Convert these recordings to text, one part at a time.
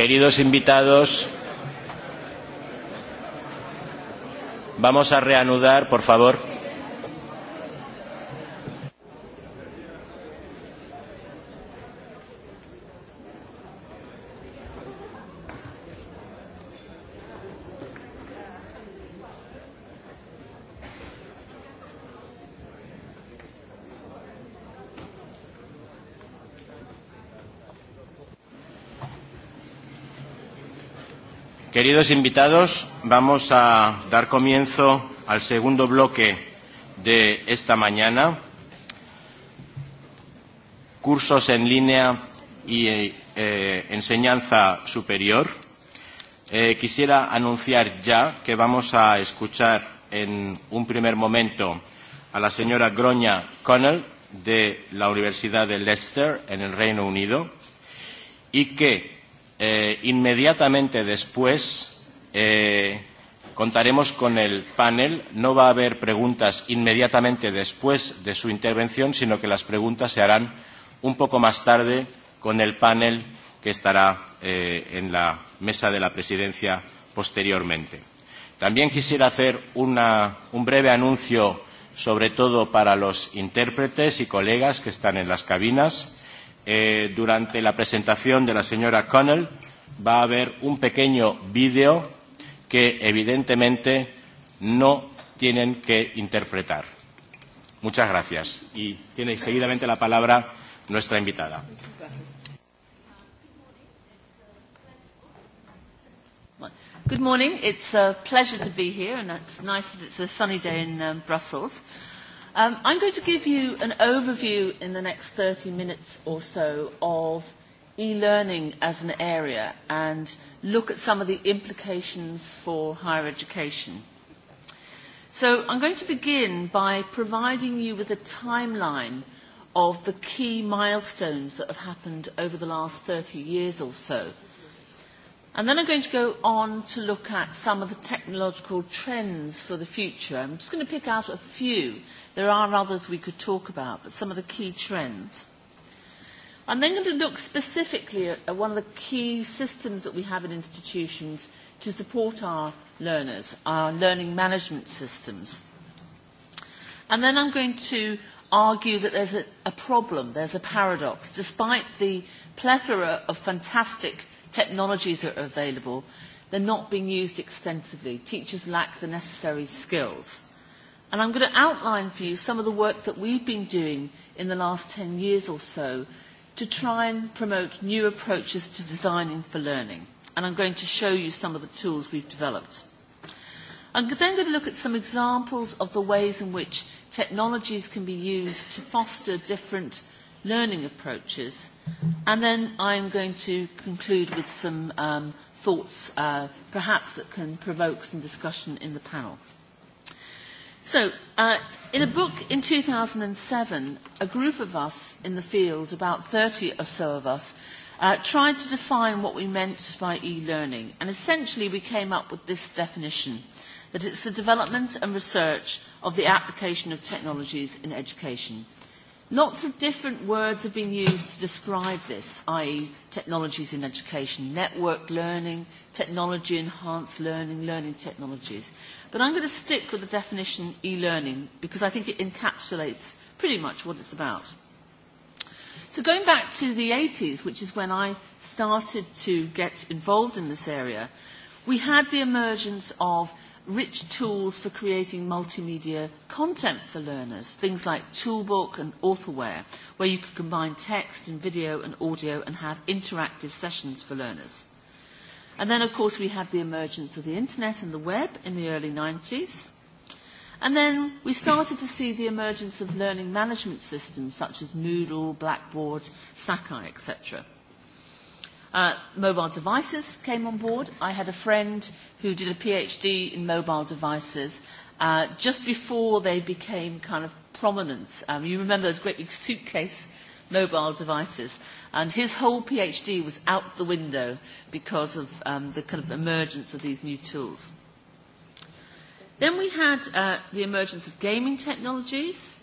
Queridos invitados, vamos a reanudar, por favor. Queridos invitados, vamos a dar comienzo al segundo bloque de esta mañana. Cursos en línea y eh, eh, enseñanza superior. Eh, quisiera anunciar ya que vamos a escuchar en un primer momento a la señora Groña Connell de la Universidad de Leicester en el Reino Unido y que eh, inmediatamente después eh, contaremos con el panel. No va a haber preguntas inmediatamente después de su intervención, sino que las preguntas se harán un poco más tarde con el panel que estará eh, en la mesa de la presidencia posteriormente. También quisiera hacer una, un breve anuncio, sobre todo para los intérpretes y colegas que están en las cabinas eh, durante la presentación de la señora Connell va a haber un pequeño vídeo que evidentemente no tienen que interpretar. Muchas gracias. Y tiene seguidamente la palabra nuestra invitada. Good morning. It's a pleasure to be here, and it's nice that it's a sunny day in um, Brussels. Um, I'm going to give you an overview in the next 30 minutes or so of e-learning as an area and look at some of the implications for higher education. So I'm going to begin by providing you with a timeline of the key milestones that have happened over the last 30 years or so. And then I'm going to go on to look at some of the technological trends for the future. I'm just going to pick out a few There are others we could talk about, but some of the key trends. I'm then going to look specifically at one of the key systems that we have in institutions to support our learners, our learning management systems. And then I'm going to argue that there's a, a problem, there's a paradox. Despite the plethora of fantastic technologies that are available, they're not being used extensively. Teachers lack the necessary skills. And I'm going to outline for you some of the work that we've been doing in the last 10 years or so to try and promote new approaches to designing for learning. And I'm going to show you some of the tools we've developed. I'm then going to look at some examples of the ways in which technologies can be used to foster different learning approaches. And then I'm going to conclude with some um, thoughts, uh, perhaps, that can provoke some discussion in the panel. So, uh, in a book in 2007, a group of us in the field, about 30 or so of us, uh, tried to define what we meant by e-learning. And essentially, we came up with this definition, that it's the development and research of the application of technologies in education – Lots of different words have been used to describe this, i.e. technologies in education, network learning, technology enhanced learning, learning technologies. But I'm going to stick with the definition e-learning because I think it encapsulates pretty much what it's about. So going back to the 80s, which is when I started to get involved in this area, we had the emergence of rich tools for creating multimedia content for learners, things like Toolbook and Authorware, where you can combine text and video and audio and have interactive sessions for learners. And then, of course, we had the emergence of the internet and the web in the early 90s. And then we started to see the emergence of learning management systems such as Moodle, Blackboard, Sakai, etc. Uh, mobile devices came on board. I had a friend who did a PhD in mobile devices uh, just before they became kind of prominent. Um, you remember those great big suitcase mobile devices. And his whole PhD was out the window because of um, the kind of emergence of these new tools. Then we had uh, the emergence of gaming technologies,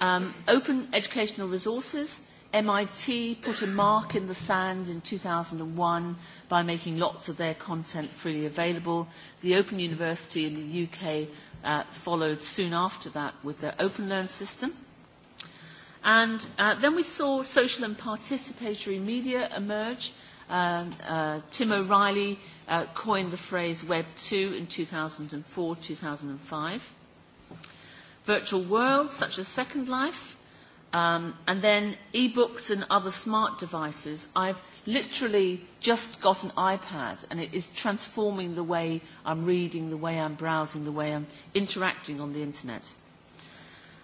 um, open educational resources, MIT put a mark in the sand in 2001 by making lots of their content freely available. The Open University in the UK uh, followed soon after that with their Open system. And uh, then we saw social and participatory media emerge. Um, uh, Tim O'Reilly uh, coined the phrase Web 2 in 2004-2005. Virtual worlds such as Second Life Um, and then e-books and other smart devices. I've literally just got an iPad and it is transforming the way I'm reading, the way I'm browsing, the way I'm interacting on the internet.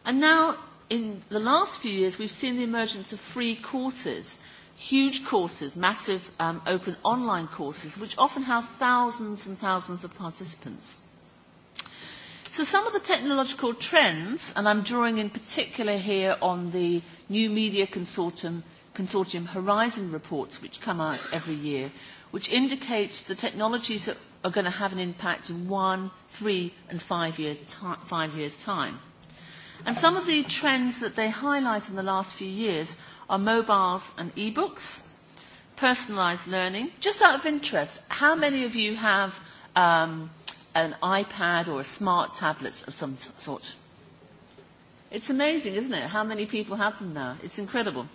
And now in the last few years we've seen the emergence of free courses, huge courses, massive um, open online courses which often have thousands and thousands of participants. So some of the technological trends, and I'm drawing in particular here on the New Media Consortium, Consortium Horizon reports, which come out every year, which indicate the technologies that are going to have an impact in one, three, and five, year five years' time. And some of the trends that they highlight in the last few years are mobiles and e-books, personalised learning. Just out of interest, how many of you have um, an iPad or a smart tablet of some sort. It's amazing, isn't it, how many people have them now? It's incredible.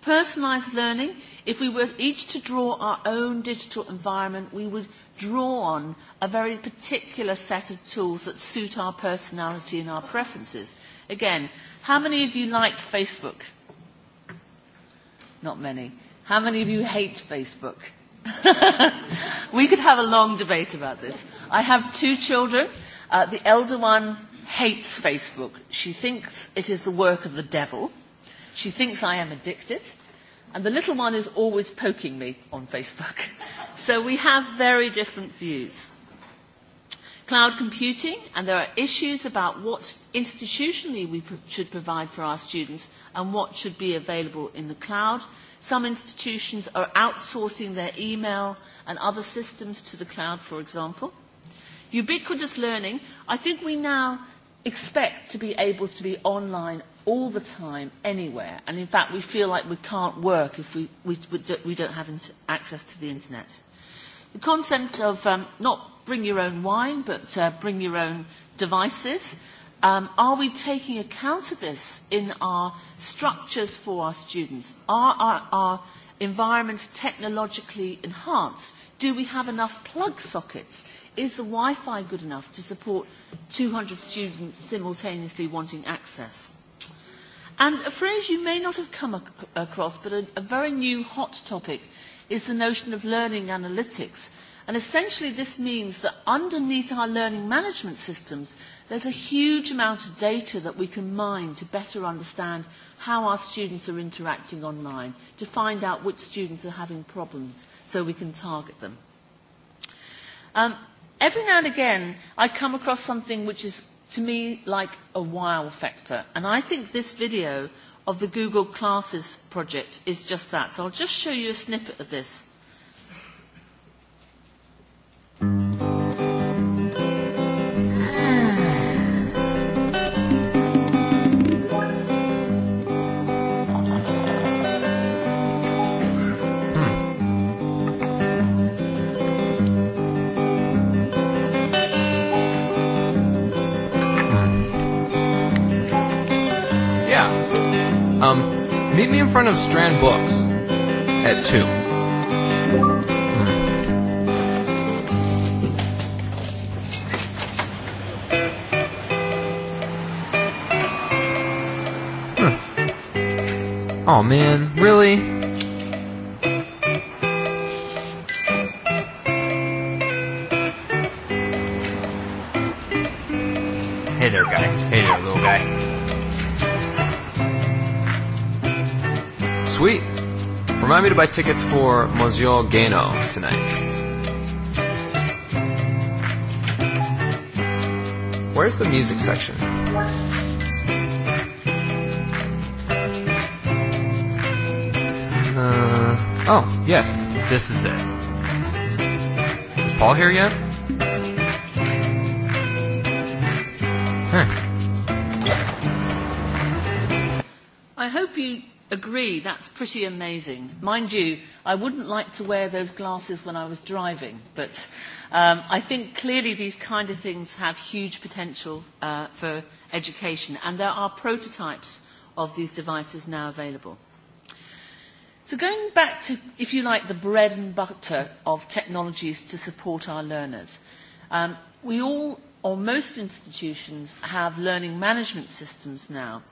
Personalized learning, if we were each to draw our own digital environment, we would draw on a very particular set of tools that suit our personality and our preferences. Again, how many of you like Facebook? Not many. How many of you hate Facebook? we could have a long debate about this. I have two children. Uh, the elder one hates Facebook. She thinks it is the work of the devil. She thinks I am addicted. And the little one is always poking me on Facebook. So we have very different views. Cloud computing, and there are issues about what institutionally we pro- should provide for our students and what should be available in the cloud. Some institutions are outsourcing their email and other systems to the cloud, for example. Ubiquitous learning, I think we now expect to be able to be online all the time, anywhere. And in fact, we feel like we can't work if we, we, we don't have access to the internet. The concept of um, not bring your own wine, but uh, bring your own devices Um, are we taking account of this in our structures for our students? Are our, our environments technologically enhanced? Do we have enough plug sockets? Is the Wi-Fi good enough to support 200 students simultaneously wanting access? And a phrase you may not have come ac across, but a, a very new hot topic, is the notion of learning analytics. And essentially this means that underneath our learning management systems, There's a huge amount of data that we can mine to better understand how our students are interacting online, to find out which students are having problems so we can target them. Um, every now and again, I come across something which is, to me, like a wow factor. And I think this video of the Google Classes project is just that. So I'll just show you a snippet of this Meet me in front of Strand Books at 2. Huh. Hmm. Hmm. Oh man, really? remind me to buy tickets for Monsieur Gano tonight. Where's the music section? Uh, oh, yes, this is it. Is Paul here yet? that's pretty amazing. Mind you, I wouldn't like to wear those glasses when I was driving, but um, I think clearly these kind of things have huge potential uh, for education, and there are prototypes of these devices now available. So going back to, if you like, the bread and butter of technologies to support our learners, um, we all, or most institutions, have learning management systems now.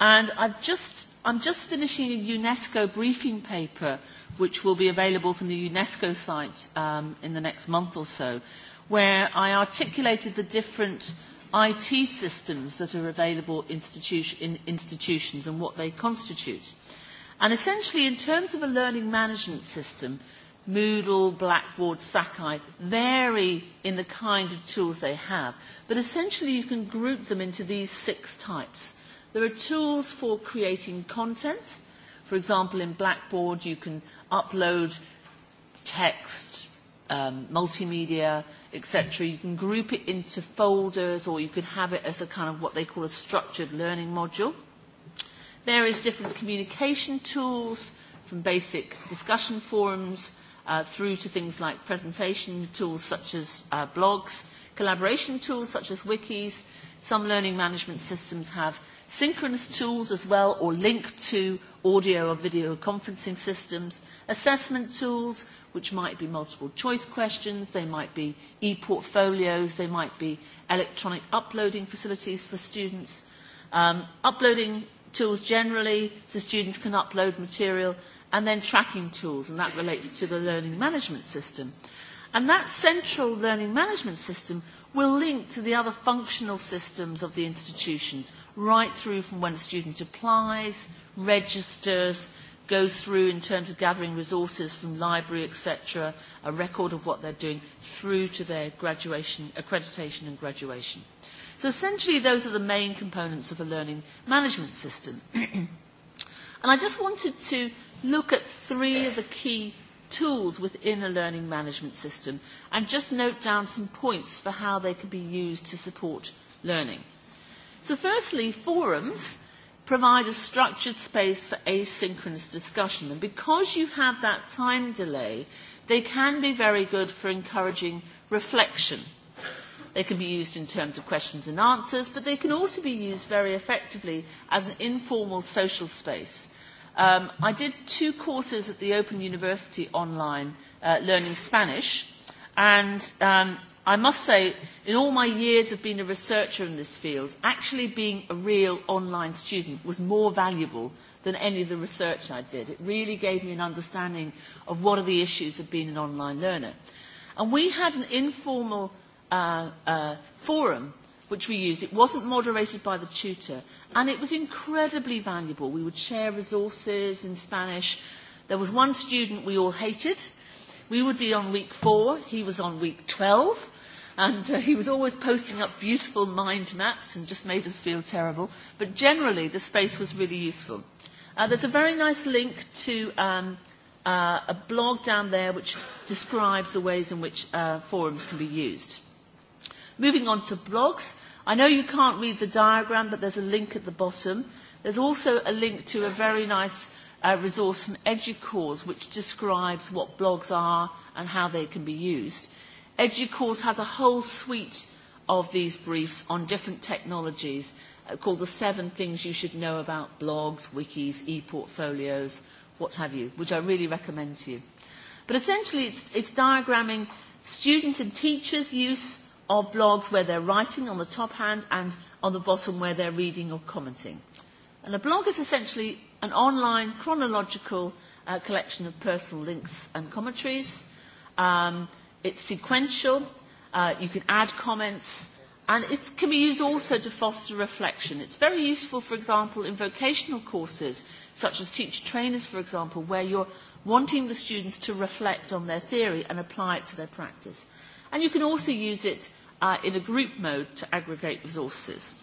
And I've just I'm just finishing a UNESCO briefing paper which will be available from the UNESCO site um, in the next month or so, where I articulated the different IT systems that are available institu- in institutions and what they constitute. And essentially, in terms of a learning management system, Moodle, Blackboard, Sakai vary in the kind of tools they have. But essentially, you can group them into these six types – There are tools for creating content. For example, in Blackboard, you can upload text, um, multimedia, etc. You can group it into folders, or you could have it as a kind of what they call a structured learning module. There is different communication tools, from basic discussion forums uh, through to things like presentation tools such as uh, blogs, collaboration tools such as wikis. Some learning management systems have synchronous tools as well or link to audio or video conferencing systems, assessment tools, which might be multiple choice questions, they might be e-portfolios, they might be electronic uploading facilities for students, um, uploading tools generally so students can upload material, and then tracking tools, and that relates to the learning management system. And that central learning management system will link to the other functional systems of the institutions, right through from when a student applies, registers, goes through in terms of gathering resources from library, etc., a record of what they're doing, through to their graduation, accreditation and graduation. So essentially those are the main components of a learning management system. and I just wanted to look at three of the key tools within a learning management system and just note down some points for how they can be used to support learning. So firstly, forums provide a structured space for asynchronous discussion and because you have that time delay, they can be very good for encouraging reflection. They can be used in terms of questions and answers, but they can also be used very effectively as an informal social space Um, I did two courses at the Open University online uh, learning Spanish, and um, I must say, in all my years of being a researcher in this field, actually being a real online student was more valuable than any of the research I did. It really gave me an understanding of what are the issues of being an online learner. And we had an informal uh, uh, forum which we used. It wasn't moderated by the tutor, And it was incredibly valuable. We would share resources in Spanish. There was one student we all hated. We would be on week four. He was on week 12. And uh, he was always posting up beautiful mind maps and just made us feel terrible. But generally, the space was really useful. Uh, there's a very nice link to um, uh, a blog down there which describes the ways in which uh, forums can be used. Moving on to blogs. I know you can't read the diagram, but there's a link at the bottom. There's also a link to a very nice uh, resource from EDUCAUSE, which describes what blogs are and how they can be used. EDUCAUSE has a whole suite of these briefs on different technologies uh, called the seven things you should know about blogs, wikis, e-portfolios, what have you, which I really recommend to you. But essentially, it's, it's diagramming student and teachers' use of blogs where they're writing on the top hand and on the bottom where they're reading or commenting. And a blog is essentially an online chronological uh, collection of personal links and commentaries. Um, it's sequential. Uh, you can add comments. And it can be used also to foster reflection. It's very useful, for example, in vocational courses, such as teacher trainers, for example, where you're wanting the students to reflect on their theory and apply it to their practice. And you can also use it uh, in a group mode to aggregate resources.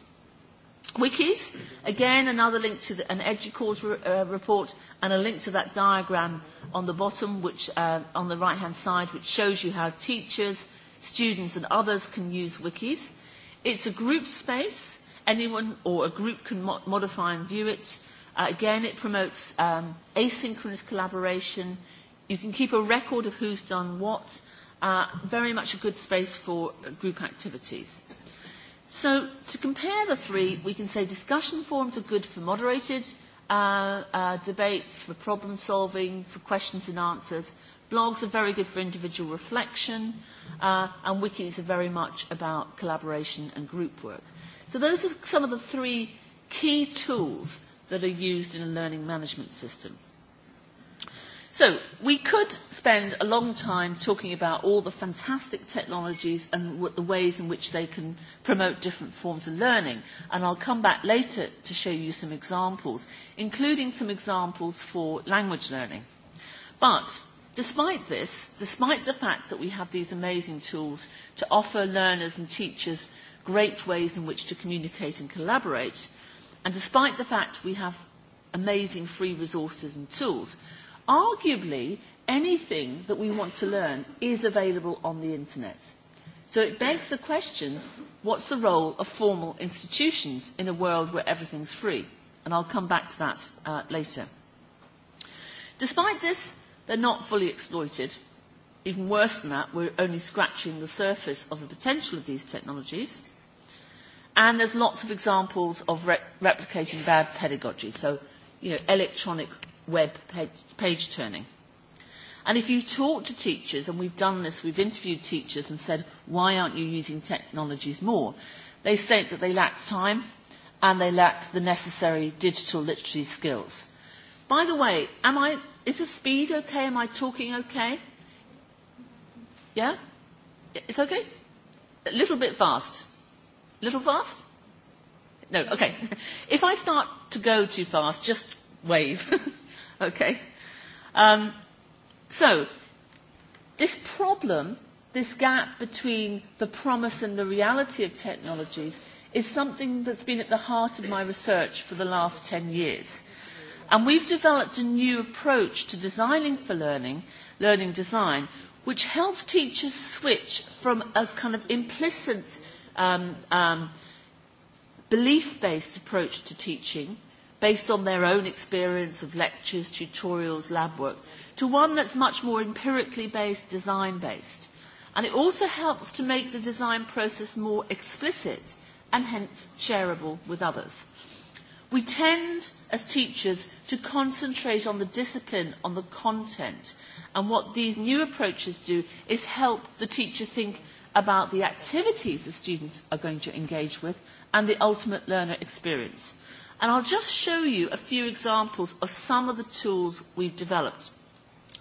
Wikis, again, another link to the, an EDUCAUSE re, uh, report and a link to that diagram on the bottom, which, uh, on the right-hand side, which shows you how teachers, students and others can use wikis. It's a group space. Anyone or a group can mo modify and view it. Uh, again, it promotes um, asynchronous collaboration. You can keep a record of who's done what uh, very much a good space for group activities. So to compare the three, we can say discussion forums are good for moderated uh, uh, debates, for problem solving, for questions and answers. Blogs are very good for individual reflection, uh, and wikis are very much about collaboration and group work. So those are some of the three key tools that are used in a learning management system. So we could spend a long time talking about all the fantastic technologies and the ways in which they can promote different forms of learning. And I'll come back later to show you some examples, including some examples for language learning. But despite this, despite the fact that we have these amazing tools to offer learners and teachers great ways in which to communicate and collaborate, and despite the fact we have amazing free resources and tools, Arguably, anything that we want to learn is available on the internet. So it begs the question, what's the role of formal institutions in a world where everything's free? And I'll come back to that uh, later. Despite this, they're not fully exploited. Even worse than that, we're only scratching the surface of the potential of these technologies. And there's lots of examples of re- replicating bad pedagogy. So, you know, electronic web page, page turning. And if you talk to teachers, and we've done this, we've interviewed teachers and said, why aren't you using technologies more? They say that they lack time and they lack the necessary digital literacy skills. By the way, am I, is the speed okay? Am I talking okay? Yeah? It's okay? A little bit fast. A Little fast? No, okay. If I start to go too fast, just wave. Okay. Um, so, this problem, this gap between the promise and the reality of technologies, is something that's been at the heart of my research for the last 10 years. And we've developed a new approach to designing for learning, learning design, which helps teachers switch from a kind of implicit um, um, belief-based approach to teaching – based on their own experience of lectures, tutorials, lab work, to one that's much more empirically based, design based. And it also helps to make the design process more explicit and hence shareable with others. We tend, as teachers, to concentrate on the discipline, on the content. And what these new approaches do is help the teacher think about the activities the students are going to engage with and the ultimate learner experience. And I'll just show you a few examples of some of the tools we've developed.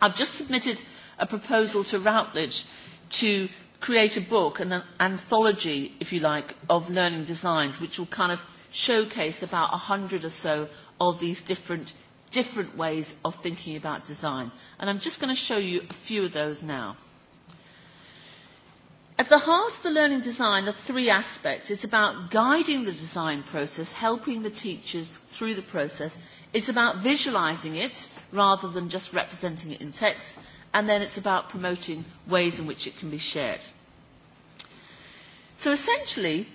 I've just submitted a proposal to Routledge to create a book, an anthology, if you like, of learning designs, which will kind of showcase about 100 or so of these different, different ways of thinking about design. And I'm just going to show you a few of those now. At the heart of the learning design are three aspects. It's about guiding the design process, helping the teachers through the process. It's about visualizing it rather than just representing it in text. And then it's about promoting ways in which it can be shared. So essentially,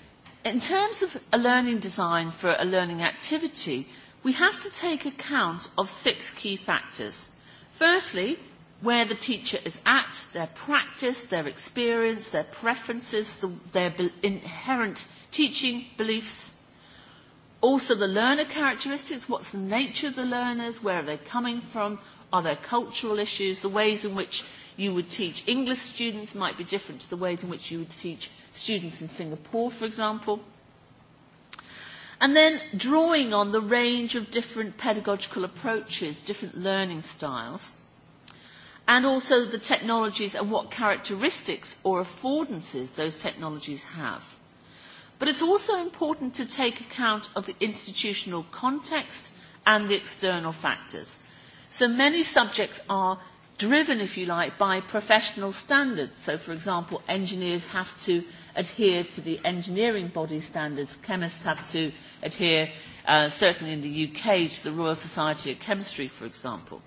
in terms of a learning design for a learning activity, we have to take account of six key factors. Firstly, where the teacher is at, their practice, their experience, their preferences, the, their be- inherent teaching beliefs. Also, the learner characteristics what's the nature of the learners, where are they coming from, are there cultural issues, the ways in which you would teach English students might be different to the ways in which you would teach students in Singapore, for example. And then drawing on the range of different pedagogical approaches, different learning styles and also the technologies and what characteristics or affordances those technologies have. But it's also important to take account of the institutional context and the external factors. So many subjects are driven, if you like, by professional standards. So, for example, engineers have to adhere to the engineering body standards, chemists have to adhere, uh, certainly in the UK, to the Royal Society of Chemistry, for example.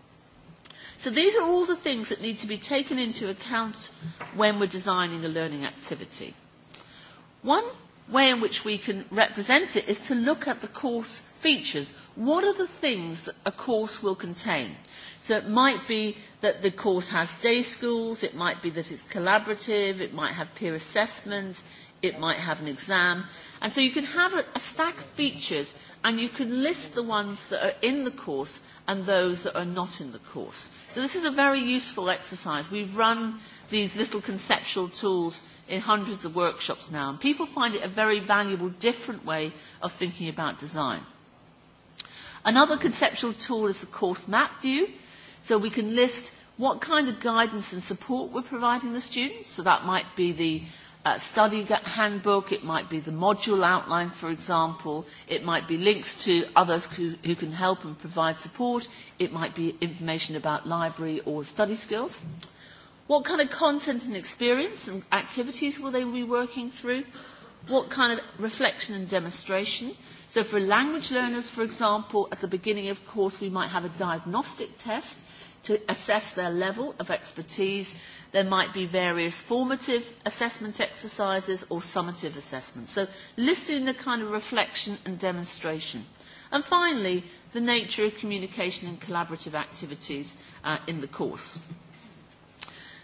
So these are all the things that need to be taken into account when we're designing a learning activity. One way in which we can represent it is to look at the course features. What are the things that a course will contain? So it might be that the course has day schools, it might be that it's collaborative, it might have peer assessment, it might have an exam. And so you can have a, a stack of features and you can list the ones that are in the course and those that are not in the course. So this is a very useful exercise. We've run these little conceptual tools in hundreds of workshops now, and people find it a very valuable, different way of thinking about design. Another conceptual tool is, of course, map view. So we can list what kind of guidance and support we're providing the students. So that might be the uh, study handbook, it might be the module outline, for example, it might be links to others who, who can help and provide support, it might be information about library or study skills. What kind of content and experience and activities will they be working through? What kind of reflection and demonstration? So for language learners, for example, at the beginning of course, we might have a diagnostic test to assess their level of expertise. There might be various formative assessment exercises or summative assessments. So listening the kind of reflection and demonstration. And finally, the nature of communication and collaborative activities uh, in the course.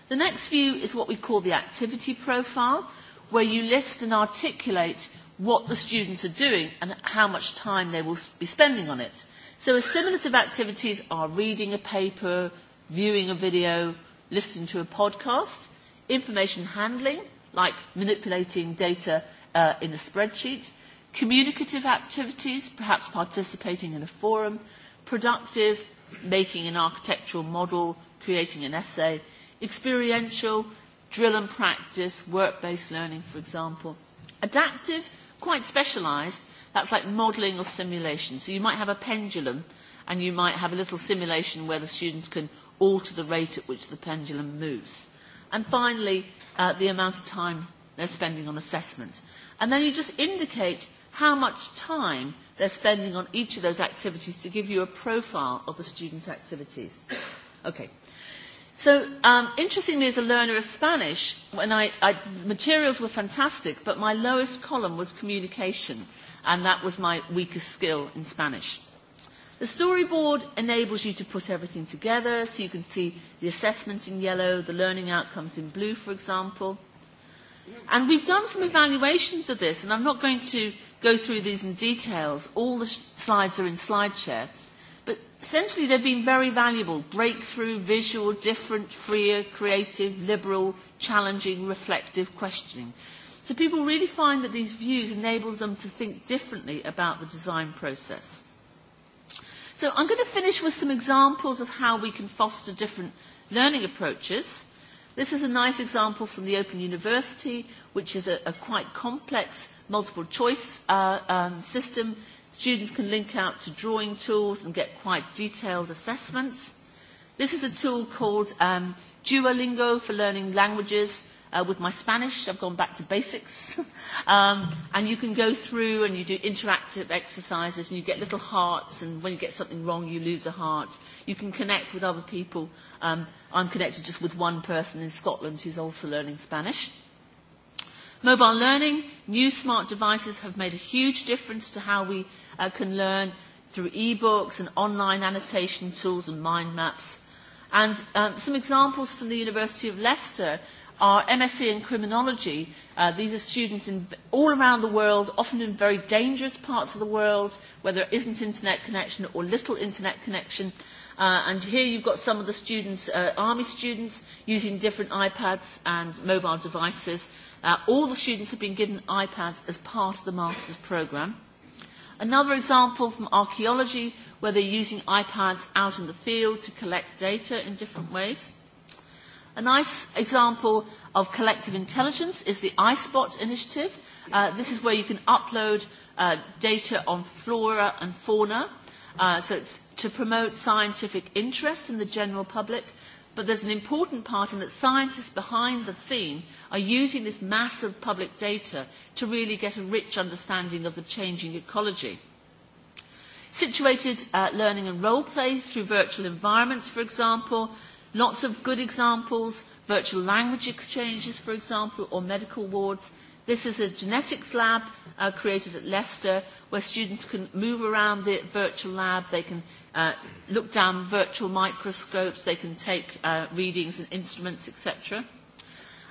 The next view is what we call the activity profile, where you list and articulate what the students are doing and how much time they will be spending on it. So assimilative activities are reading a paper, viewing a video, listening to a podcast, information handling, like manipulating data uh, in a spreadsheet, communicative activities, perhaps participating in a forum, productive, making an architectural model, creating an essay, experiential, drill and practice, work-based learning, for example. Adaptive, quite specialised, That's like modelling or simulation. So you might have a pendulum and you might have a little simulation where the students can alter the rate at which the pendulum moves. And finally, uh, the amount of time they're spending on assessment. And then you just indicate how much time they're spending on each of those activities to give you a profile of the student activities. Okay. So, um, interestingly, as a learner of Spanish, when I, I, the materials were fantastic, but my lowest column was communication and that was my weakest skill in Spanish. The storyboard enables you to put everything together, so you can see the assessment in yellow, the learning outcomes in blue, for example. And we've done some evaluations of this, and I'm not going to go through these in details. All the slides are in SlideShare. But essentially, they've been very valuable. Breakthrough, visual, different, freer, creative, liberal, challenging, reflective questioning. So people really find that these views enable them to think differently about the design process. So I'm going to finish with some examples of how we can foster different learning approaches. This is a nice example from the Open University, which is a, a quite complex multiple choice uh, um, system. Students can link out to drawing tools and get quite detailed assessments. This is a tool called um, Duolingo for learning languages, Uh, with my Spanish, I've gone back to basics. um, and you can go through and you do interactive exercises and you get little hearts and when you get something wrong, you lose a heart. You can connect with other people. Um, I'm connected just with one person in Scotland who's also learning Spanish. Mobile learning, new smart devices have made a huge difference to how we uh, can learn through e-books and online annotation tools and mind maps. And um, some examples from the University of Leicester Our MSc in criminology, uh, these are students in, all around the world, often in very dangerous parts of the world where there isn't internet connection or little internet connection. Uh, and here you've got some of the students, uh, army students, using different iPads and mobile devices. Uh, all the students have been given iPads as part of the master's programme. Another example from archaeology where they're using iPads out in the field to collect data in different ways. A nice example of collective intelligence is the iSpot initiative. Uh, this is where you can upload uh, data on flora and fauna. Uh, so it's to promote scientific interest in the general public. But there's an important part in that scientists behind the theme are using this massive public data to really get a rich understanding of the changing ecology. Situated uh, learning and role play through virtual environments, for example, Lots of good examples, virtual language exchanges, for example, or medical wards. This is a genetics lab uh, created at Leicester where students can move around the virtual lab, they can uh, look down virtual microscopes, they can take uh, readings and instruments, etc.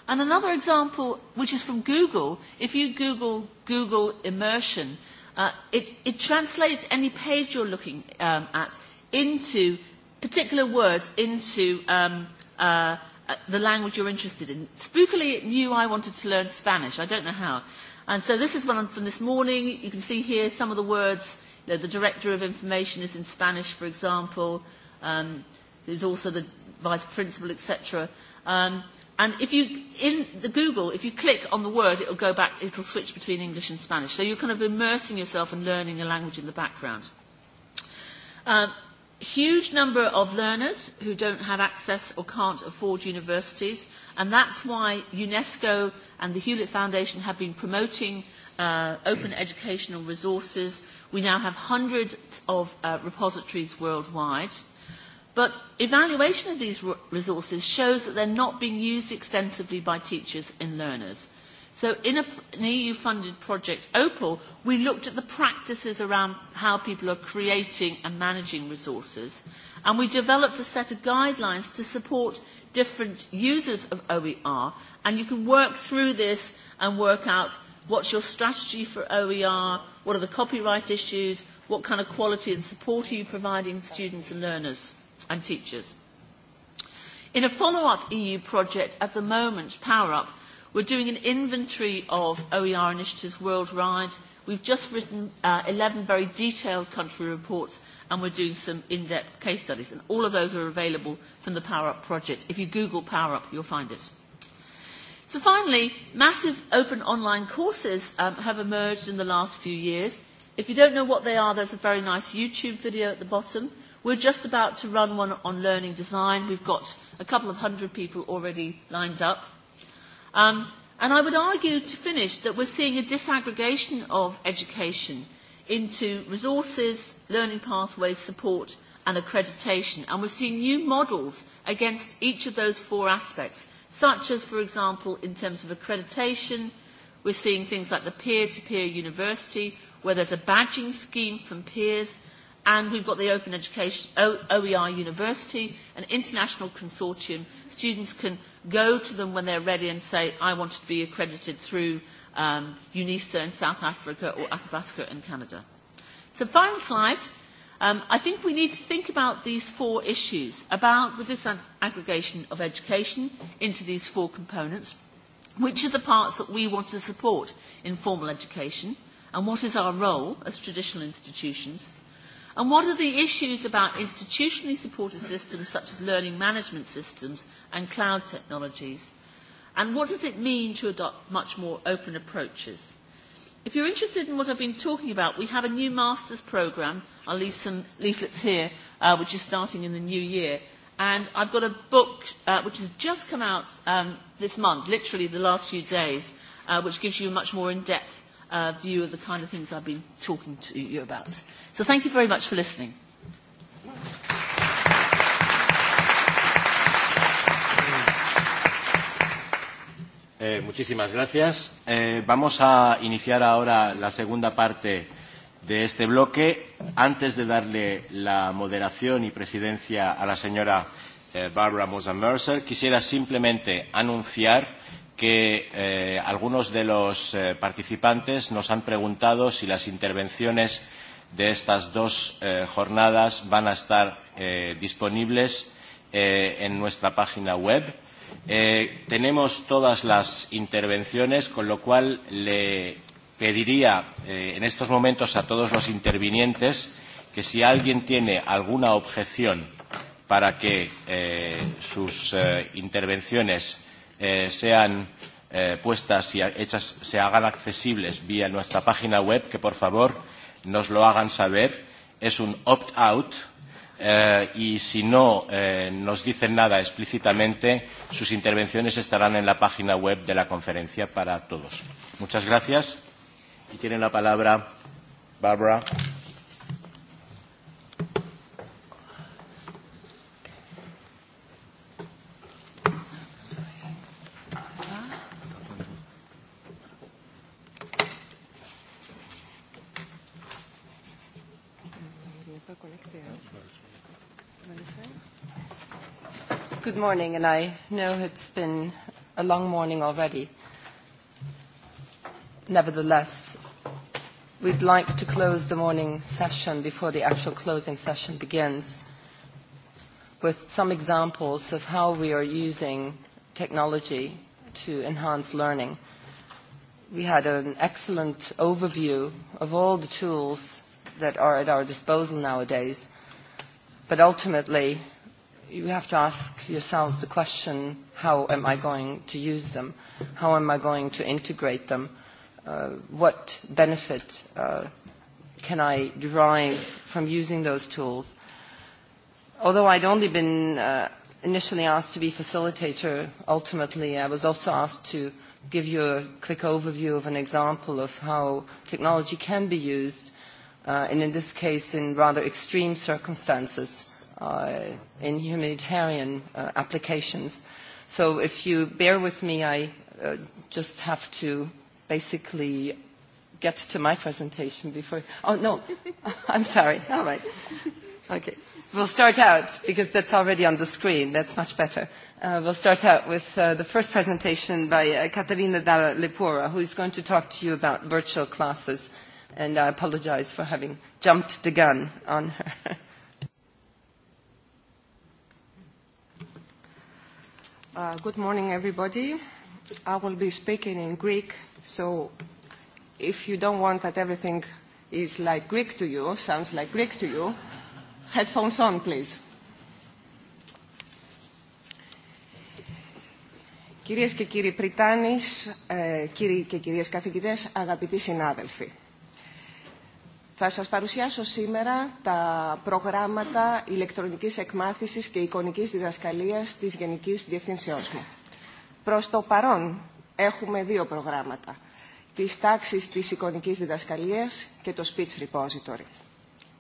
And another example, which is from Google, if you Google Google immersion, uh, it, it translates any page you're looking um, at into particular words into um, uh, uh, the language you're interested in. Spookily, it knew I wanted to learn Spanish. I don't know how. And so this is one from this morning. You can see here some of the words. You know, the Director of Information is in Spanish, for example. Um, there's also the Vice Principal, etc. Um, and if you, in the Google, if you click on the word, it'll go back, it'll switch between English and Spanish. So you're kind of immersing yourself and learning a language in the background. Um, huge number of learners who don't have access or can't afford universities, and that's why UNESCO and the Hewlett Foundation have been promoting uh, open educational resources. We now have hundreds of uh, repositories worldwide. But evaluation of these resources shows that they're not being used extensively by teachers and learners. So in a, an EU-funded project, OPAL, we looked at the practices around how people are creating and managing resources. And we developed a set of guidelines to support different users of OER. And you can work through this and work out what's your strategy for OER, what are the copyright issues, what kind of quality and support are you providing students and learners and teachers. In a follow-up EU project at the moment, Power Up, We're doing an inventory of OER initiatives worldwide. We've just written uh, 11 very detailed country reports and we're doing some in-depth case studies. And all of those are available from the Power Up project. If you Google Power Up, you'll find it. So finally, massive open online courses um, have emerged in the last few years. If you don't know what they are, there's a very nice YouTube video at the bottom. We're just about to run one on learning design. We've got a couple of hundred people already lined up. Um, and I would argue, to finish, that we're seeing a disaggregation of education into resources, learning pathways, support and accreditation. And we're seeing new models against each of those four aspects, such as, for example, in terms of accreditation, we're seeing things like the peer-to-peer -peer university, where there's a badging scheme from peers, and we've got the Open Education OER University, an international consortium. Students can go to them when they're ready and say, I want to be accredited through um, UNISA in South Africa or Athabasca in Canada. So final slide. Um, I think we need to think about these four issues, about the disaggregation of education into these four components. Which are the parts that we want to support in formal education? And what is our role as traditional institutions? And what are the issues about institutionally supported systems such as learning management systems and cloud technologies? And what does it mean to adopt much more open approaches? If you're interested in what I've been talking about, we have a new master's program. I'll leave some leaflets here, uh, which is starting in the new year. And I've got a book uh, which has just come out um, this month, literally the last few days, uh, which gives you a much more in-depth uh, view of the kind of things I've been talking to you about. So thank you very much for listening. Eh, muchísimas gracias. Eh, vamos a iniciar ahora la segunda parte de este bloque. Antes de darle la moderación y presidencia a la señora eh, Barbara Mosa-Mercer, quisiera simplemente anunciar que eh, algunos de los eh, participantes nos han preguntado si las intervenciones de estas dos eh, jornadas van a estar eh, disponibles eh, en nuestra página web. Eh, tenemos todas las intervenciones, con lo cual le pediría eh, en estos momentos a todos los intervinientes que si alguien tiene alguna objeción para que eh, sus eh, intervenciones eh, sean eh, puestas y hechas, se hagan accesibles vía nuestra página web, que por favor nos lo hagan saber. Es un opt-out eh, y si no eh, nos dicen nada explícitamente, sus intervenciones estarán en la página web de la conferencia para todos. Muchas gracias y tiene la palabra Barbara. good morning, and I know it's been a long morning already. Nevertheless, we'd like to close the morning session before the actual closing session begins with some examples of how we are using technology to enhance learning. We had an excellent overview of all the tools that are at our disposal nowadays, but ultimately you have to ask yourselves the question, how am I going to use them? How am I going to integrate them? Uh, what benefit uh, can I derive from using those tools? Although I'd only been uh, initially asked to be facilitator, ultimately I was also asked to give you a quick overview of an example of how technology can be used, uh, and in this case in rather extreme circumstances uh, in humanitarian uh, applications. So if you bear with me, I uh, just have to basically get to my presentation before... Oh, no. I'm sorry. All right. Okay. We'll start out, because that's already on the screen. That's much better. Uh, we'll start out with uh, the first presentation by uh, Caterina Dalla Lepora, who is going to talk to you about virtual classes. And I apologize for having jumped the gun on her. Uh, good morning, everybody. I will be speaking in Greek, so if you don't want that everything is like Greek to you, sounds like Greek to you, headphones on, please. Κυρίες και κύριοι Πριτάνης, κύριοι και κυρίες καθηγητές, αγαπητοί συνάδελφοι. Θα σας παρουσιάσω σήμερα τα προγράμματα ηλεκτρονικής εκμάθησης και εικονικής διδασκαλίας της Γενικής Διευθυνσιός μου. Προς το παρόν έχουμε δύο προγράμματα. Τις τάξεις της εικονικής διδασκαλίας και το Speech Repository.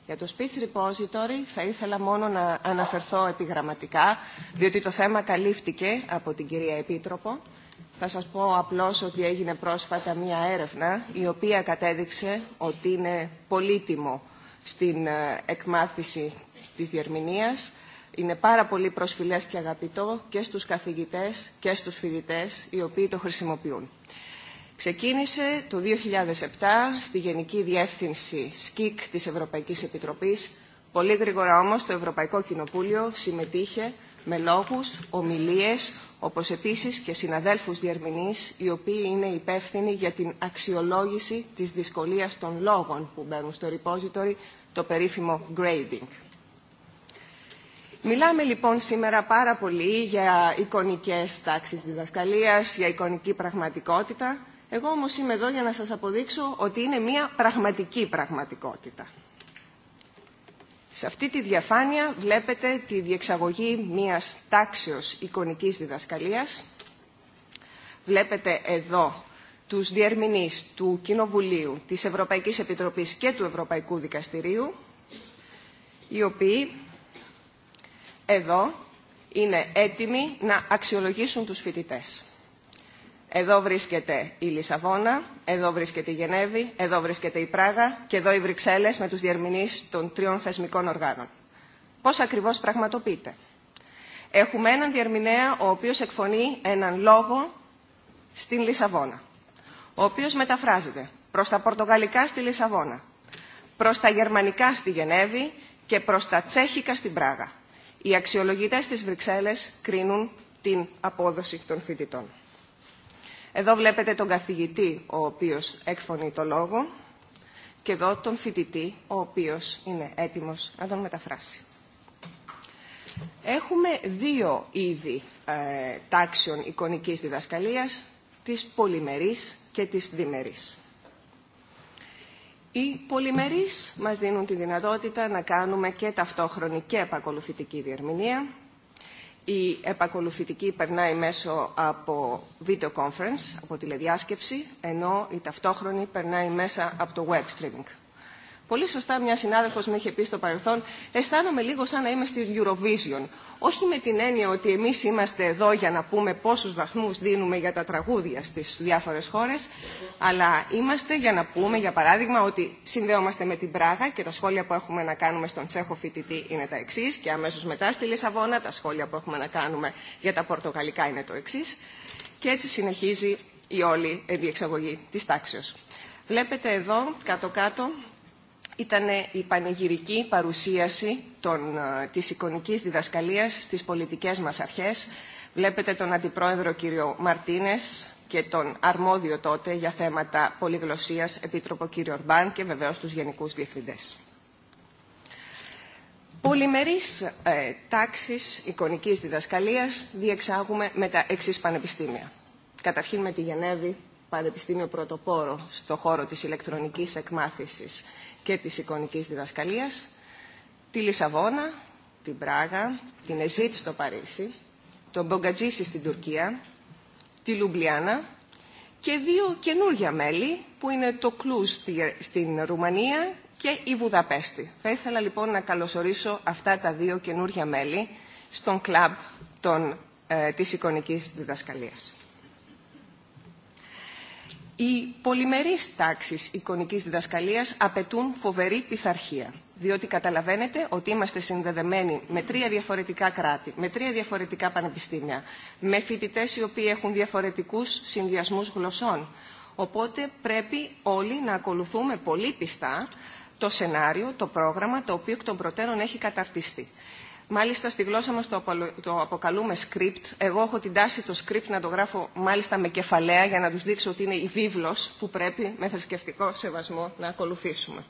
Για το Speech Repository θα ήθελα μόνο να αναφερθώ επιγραμματικά, διότι το θέμα καλύφθηκε από την κυρία Επίτροπο. Θα σας πω απλώς ότι έγινε πρόσφατα μία έρευνα η οποία κατέδειξε ότι είναι πολύτιμο στην εκμάθηση της διερμηνίας. Είναι πάρα πολύ προσφυλές και αγαπητό και στους καθηγητές και στους φοιτητές οι οποίοι το χρησιμοποιούν. Ξεκίνησε το 2007 στη Γενική Διεύθυνση ΣΚΙΚ της Ευρωπαϊκής Επιτροπής. Πολύ γρήγορα όμως το Ευρωπαϊκό Κοινοβούλιο συμμετείχε με λόγους, ομιλίες, όπως επίσης και συναδέλφους διερμηνείς, οι οποίοι είναι υπεύθυνοι για την αξιολόγηση της δυσκολίας των λόγων που μπαίνουν στο repository, το περίφημο grading. Μιλάμε λοιπόν σήμερα πάρα πολύ για εικονικές τάξεις διδασκαλίας, για εικονική πραγματικότητα. Εγώ όμως είμαι εδώ για να σας αποδείξω ότι είναι μια πραγματική πραγματικότητα. Σε αυτή τη διαφάνεια βλέπετε τη διεξαγωγή μιας τάξεως εικονικής διδασκαλίας. Βλέπετε εδώ τους διερμηνείς του Κοινοβουλίου, της Ευρωπαϊκής Επιτροπής και του Ευρωπαϊκού Δικαστηρίου, οι οποίοι εδώ είναι έτοιμοι να αξιολογήσουν τους φοιτητές. Εδώ βρίσκεται η Λισαβόνα, εδώ βρίσκεται η Γενέβη, εδώ βρίσκεται η Πράγα και εδώ οι Βρυξέλλες με τους διερμηνείς των τριών θεσμικών οργάνων. Πώς ακριβώς πραγματοποιείται. Έχουμε έναν διερμηνέα ο οποίος εκφωνεί έναν λόγο στην Λισαβόνα, ο οποίος μεταφράζεται προς τα πορτογαλικά στη Λισαβόνα, προς τα γερμανικά στη Γενέβη και προς τα τσέχικα στην Πράγα. Οι αξιολογητές της Βρυξέλλες κρίνουν την απόδοση των φοιτητών. Εδώ βλέπετε τον καθηγητή ο οποίος εκφωνεί το λόγο και εδώ τον φοιτητή ο οποίος είναι έτοιμος να τον μεταφράσει. Έχουμε δύο είδη ε, τάξεων εικονικής διδασκαλίας, της πολυμερής και της διμερής. Οι πολυμερείς μας δίνουν τη δυνατότητα να κάνουμε και ταυτόχρονη και επακολουθητική διερμηνία, η επακολουθητική περνάει μέσω από video conference, από τηλεδιάσκεψη, ενώ η ταυτόχρονη περνάει μέσα από το web streaming. Πολύ σωστά μια συνάδελφος με είχε πει στο παρελθόν, αισθάνομαι λίγο σαν να είμαι στη Eurovision. Όχι με την έννοια ότι εμείς είμαστε εδώ για να πούμε πόσους βαθμούς δίνουμε για τα τραγούδια στις διάφορες χώρες, αλλά είμαστε για να πούμε, για παράδειγμα, ότι συνδέομαστε με την Πράγα και τα σχόλια που έχουμε να κάνουμε στον Τσέχο φοιτητή είναι τα εξή και αμέσως μετά στη Λισαβόνα τα σχόλια που έχουμε να κάνουμε για τα πορτογαλικά είναι το εξή. Και έτσι συνεχίζει η όλη διεξαγωγή της τάξεως. Βλέπετε εδώ κάτω-κάτω ήταν η πανηγυρική παρουσίαση των, της εικονικής διδασκαλίας στις πολιτικές μας αρχές. Βλέπετε τον Αντιπρόεδρο κύριο Μαρτίνες και τον αρμόδιο τότε για θέματα πολυγλωσσίας Επίτροπο κύριο Ορμπάν και βεβαίως τους Γενικούς Διευθυντές. Πολυμερείς ε, τάξεις εικονικής διδασκαλίας διεξάγουμε με τα εξή πανεπιστήμια. Καταρχήν με τη Γενέβη, πανεπιστήμιο πρωτοπόρο στο χώρο της ηλεκτρονικής εκμάθησης και της εικονικής διδασκαλίας, τη Λισαβόνα, την Πράγα, την Εζίτ στο Παρίσι, τον Μπογκατζίση στην Τουρκία, τη Λουμπλιάνα και δύο καινούργια μέλη που είναι το Κλούς στην Ρουμανία και η Βουδαπέστη. Θα ήθελα λοιπόν να καλωσορίσω αυτά τα δύο καινούργια μέλη στον κλαμπ των, ε, της εικονικής διδασκαλίας. Οι πολυμερείς τάξεις εικονικής διδασκαλίας απαιτούν φοβερή πειθαρχία, διότι καταλαβαίνετε ότι είμαστε συνδεδεμένοι με τρία διαφορετικά κράτη, με τρία διαφορετικά πανεπιστήμια, με φοιτητές οι οποίοι έχουν διαφορετικούς συνδυασμούς γλωσσών. Οπότε πρέπει όλοι να ακολουθούμε πολύ πιστά το σενάριο, το πρόγραμμα, το οποίο εκ των προτέρων έχει καταρτιστεί. Μάλιστα στη γλώσσα μας το, απολο... το αποκαλούμε script. Εγώ έχω την τάση το script να το γράφω μάλιστα με κεφαλαία για να τους δείξω ότι είναι η βίβλος που πρέπει με θρησκευτικό σεβασμό να ακολουθήσουμε.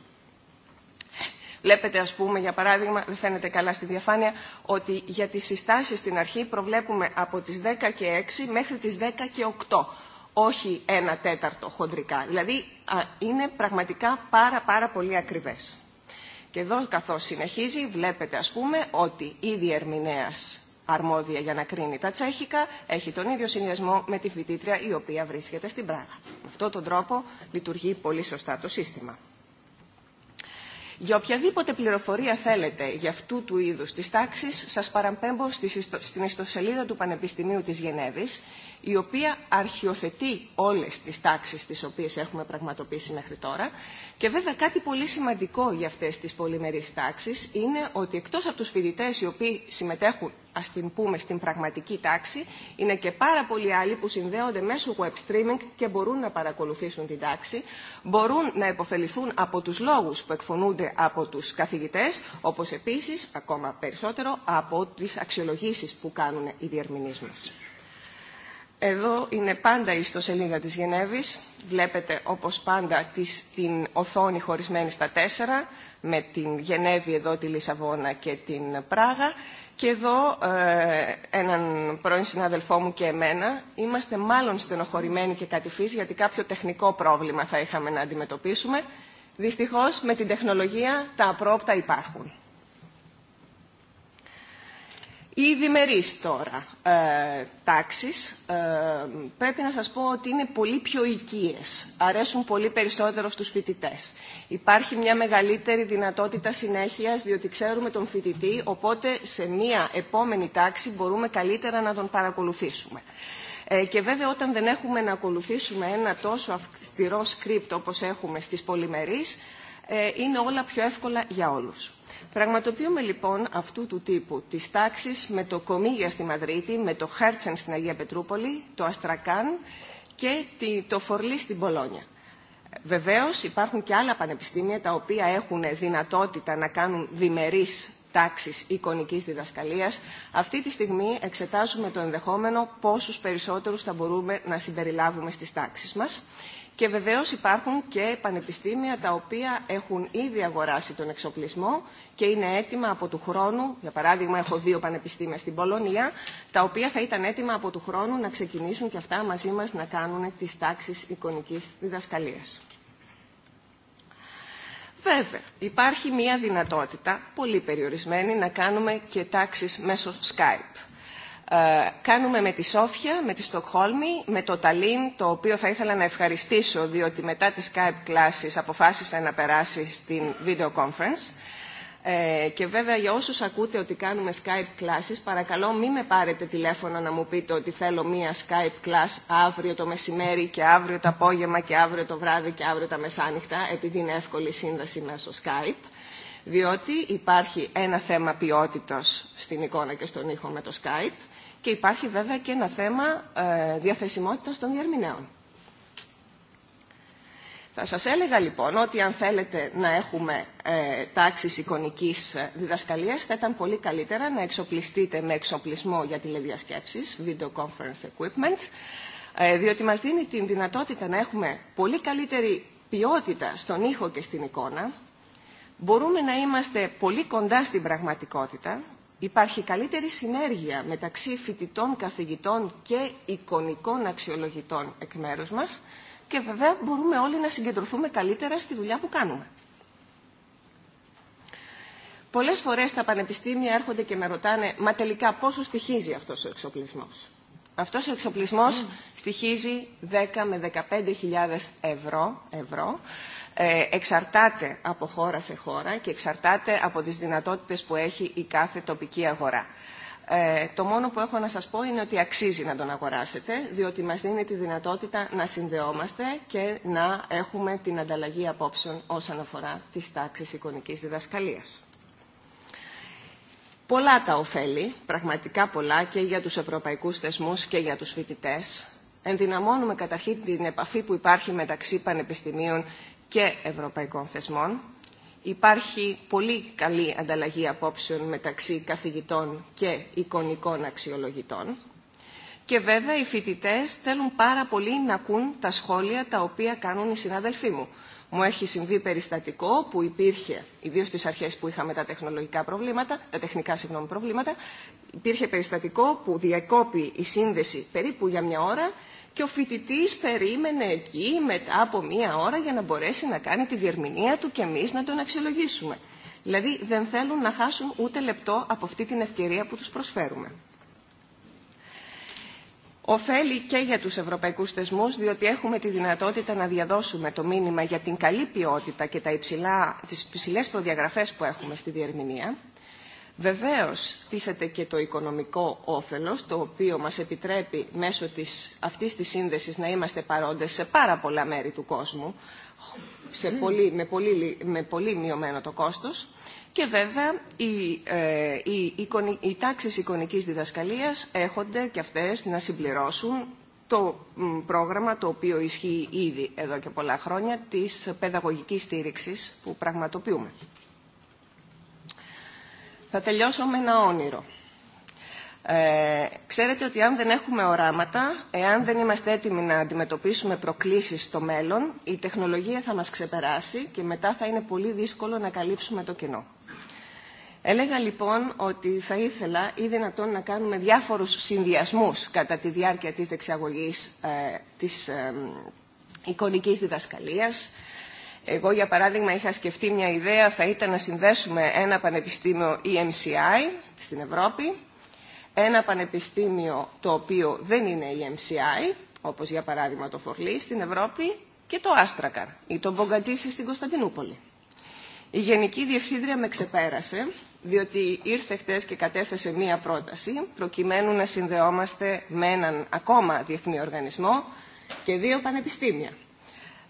Βλέπετε, ας πούμε, για παράδειγμα, δεν φαίνεται καλά στη διαφάνεια, ότι για τις συστάσεις στην αρχή προβλέπουμε από τις 10 και 6 μέχρι τις 10 και 8 όχι ένα τέταρτο χοντρικά. Δηλαδή α, είναι πραγματικά πάρα πάρα πολύ ακριβές. Και εδώ καθώς συνεχίζει βλέπετε ας πούμε ότι η διερμηνέας αρμόδια για να κρίνει τα τσέχικα έχει τον ίδιο συνδυασμό με τη φοιτήτρια η οποία βρίσκεται στην Πράγα. Με αυτόν τον τρόπο λειτουργεί πολύ σωστά το σύστημα. Για οποιαδήποτε πληροφορία θέλετε για αυτού του είδους της τάξης, σας παραπέμπω στην ιστοσελίδα του Πανεπιστημίου της Γενέβης, η οποία αρχιοθετεί όλες τις τάξεις τις οποίες έχουμε πραγματοποιήσει μέχρι τώρα. Και βέβαια κάτι πολύ σημαντικό για αυτές τις πολυμερείς τάξεις είναι ότι εκτός από τους φοιτητές οι οποίοι συμμετέχουν ας την πούμε στην πραγματική τάξη, είναι και πάρα πολλοί άλλοι που συνδέονται μέσω web streaming και μπορούν να παρακολουθήσουν την τάξη, μπορούν να υποφεληθούν από τους λόγους που εκφωνούνται από τους καθηγητές, όπως επίσης, ακόμα περισσότερο, από τις αξιολογήσεις που κάνουν οι διερμηνείς μας. Εδώ είναι πάντα η ιστοσελίδα της Γενέβης. Βλέπετε όπως πάντα της, την οθόνη χωρισμένη στα τέσσερα με την Γενέβη εδώ, τη Λισαβόνα και την Πράγα Και εδώ ε, έναν πρώην συνάδελφό μου και εμένα είμαστε μάλλον στενοχωρημένοι και κατηφείς γιατί κάποιο τεχνικό πρόβλημα θα είχαμε να αντιμετωπίσουμε. Δυστυχώς με την τεχνολογία τα απρόπτα υπάρχουν. Οι διμερείς τώρα ε, τάξεις ε, πρέπει να σας πω ότι είναι πολύ πιο οικίες. Αρέσουν πολύ περισσότερο στους φοιτητέ. Υπάρχει μια μεγαλύτερη δυνατότητα συνέχειας διότι ξέρουμε τον φοιτητή οπότε σε μια επόμενη τάξη μπορούμε καλύτερα να τον παρακολουθήσουμε. Ε, και βέβαια όταν δεν έχουμε να ακολουθήσουμε ένα τόσο αυστηρό σκρίπτ όπως έχουμε στις πολυμερείς ε, είναι όλα πιο εύκολα για όλους. Πραγματοποιούμε λοιπόν αυτού του τύπου τις τάξεις με το Κομίγια στη Μαδρίτη, με το Χέρτσεν στην Αγία Πετρούπολη, το Αστρακάν και το Φορλί στην Πολόνια. Βεβαίως υπάρχουν και άλλα πανεπιστήμια τα οποία έχουν δυνατότητα να κάνουν διμερείς τάξεις εικονικής διδασκαλίας. Αυτή τη στιγμή εξετάζουμε το ενδεχόμενο πόσους περισσότερους θα μπορούμε να συμπεριλάβουμε στις τάξεις μας. Και βεβαίως υπάρχουν και πανεπιστήμια τα οποία έχουν ήδη αγοράσει τον εξοπλισμό και είναι έτοιμα από του χρόνου, για παράδειγμα έχω δύο πανεπιστήμια στην Πολωνία, τα οποία θα ήταν έτοιμα από του χρόνου να ξεκινήσουν και αυτά μαζί μας να κάνουν τις τάξεις εικονικής διδασκαλίας. Βέβαια, υπάρχει μία δυνατότητα, πολύ περιορισμένη, να κάνουμε και τάξεις μέσω Skype κάνουμε με τη Σόφια, με τη Στοκχόλμη, με το Ταλίν, το οποίο θα ήθελα να ευχαριστήσω, διότι μετά τις Skype κλάσεις αποφάσισα να περάσει στην video conference. Ε, και βέβαια για όσους ακούτε ότι κάνουμε Skype κλάσεις, παρακαλώ μην με πάρετε τηλέφωνο να μου πείτε ότι θέλω μία Skype class αύριο το μεσημέρι και αύριο το απόγευμα και αύριο το βράδυ και αύριο τα μεσάνυχτα, επειδή είναι εύκολη σύνδεση μέσω Skype διότι υπάρχει ένα θέμα ποιότητος στην εικόνα και στον ήχο με το Skype και υπάρχει βέβαια και ένα θέμα ε, διαθεσιμότητας των διερμηνέων. Θα σας έλεγα λοιπόν ότι αν θέλετε να έχουμε ε, τάξεις εικονικής διδασκαλίας θα ήταν πολύ καλύτερα να εξοπλιστείτε με εξοπλισμό για τηλεδιασκέψεις, video conference equipment, ε, διότι μας δίνει την δυνατότητα να έχουμε πολύ καλύτερη ποιότητα στον ήχο και στην εικόνα, μπορούμε να είμαστε πολύ κοντά στην πραγματικότητα, υπάρχει καλύτερη συνέργεια μεταξύ φοιτητών, καθηγητών και εικονικών αξιολογητών εκ μέρους μας και βέβαια μπορούμε όλοι να συγκεντρωθούμε καλύτερα στη δουλειά που κάνουμε. Πολλές φορές τα πανεπιστήμια έρχονται και με ρωτάνε «Μα τελικά πόσο στοιχίζει αυτός ο εξοπλισμός». Αυτός ο εξοπλισμός mm. στοιχίζει 10 με 15.000 ευρώ, ευρώ εξαρτάται από χώρα σε χώρα και εξαρτάται από τις δυνατότητες που έχει η κάθε τοπική αγορά. Ε, το μόνο που έχω να σας πω είναι ότι αξίζει να τον αγοράσετε, διότι μας δίνει τη δυνατότητα να συνδεόμαστε και να έχουμε την ανταλλαγή απόψεων όσον αφορά τις τάξεις εικονικής διδασκαλίας. Πολλά τα ωφέλη, πραγματικά πολλά και για τους ευρωπαϊκούς θεσμούς και για τους φοιτητές. Ενδυναμώνουμε καταρχήν την επαφή που υπάρχει μεταξύ πανεπιστημίων και ευρωπαϊκών θεσμών. Υπάρχει πολύ καλή ανταλλαγή απόψεων μεταξύ καθηγητών και εικονικών αξιολογητών. Και βέβαια οι φοιτητέ θέλουν πάρα πολύ να ακούν τα σχόλια τα οποία κάνουν οι συνάδελφοί μου. Μου έχει συμβεί περιστατικό που υπήρχε, ιδίω στι αρχέ που είχαμε τα τεχνολογικά προβλήματα, τα τεχνικά συγγνώμη προβλήματα, υπήρχε περιστατικό που διακόπη η σύνδεση περίπου για μια ώρα και ο φοιτητή περίμενε εκεί μετά από μία ώρα για να μπορέσει να κάνει τη διερμηνία του και εμεί να τον αξιολογήσουμε. Δηλαδή δεν θέλουν να χάσουν ούτε λεπτό από αυτή την ευκαιρία που τους προσφέρουμε. Οφέλει και για τους ευρωπαϊκούς θεσμούς, διότι έχουμε τη δυνατότητα να διαδώσουμε το μήνυμα για την καλή ποιότητα και τα υψηλά, τις υψηλές προδιαγραφές που έχουμε στη διερμηνία. Βεβαίως τίθεται και το οικονομικό όφελος, το οποίο μας επιτρέπει μέσω της, αυτής της σύνδεσης να είμαστε παρόντες σε πάρα πολλά μέρη του κόσμου, σε πολύ, με, πολύ, με πολύ μειωμένο το κόστος. Και βέβαια οι, ε, οι, οι, οι τάξεις εικονικής διδασκαλίας έχονται και αυτές να συμπληρώσουν το πρόγραμμα το οποίο ισχύει ήδη εδώ και πολλά χρόνια της παιδαγωγικής στήριξης που πραγματοποιούμε. Θα τελειώσω με ένα όνειρο. Ε, ξέρετε ότι αν δεν έχουμε οράματα, εάν δεν είμαστε έτοιμοι να αντιμετωπίσουμε προκλήσεις στο μέλλον, η τεχνολογία θα μας ξεπεράσει και μετά θα είναι πολύ δύσκολο να καλύψουμε το κενό. Έλεγα λοιπόν ότι θα ήθελα ή δυνατόν να κάνουμε διάφορους συνδυασμούς κατά τη διάρκεια της δεξιαγωγής ε, της ε, εικονικής διδασκαλίας, Εγώ, για παράδειγμα, είχα σκεφτεί μια ιδέα, θα ήταν να συνδέσουμε ένα πανεπιστήμιο EMCI στην Ευρώπη, ένα πανεπιστήμιο το οποίο δεν είναι EMCI, όπως για παράδειγμα το Φορλή στην Ευρώπη, και το Άστρακαρ ή το Μπογκατζήσι στην Κωνσταντινούπολη. Η Γενική Διευθύντρια με ξεπέρασε, διότι ήρθε χτες και κατέθεσε μία πρόταση, προκειμένου να συνδεόμαστε με έναν ακόμα διεθνή οργανισμό και δύο πανεπιστήμια.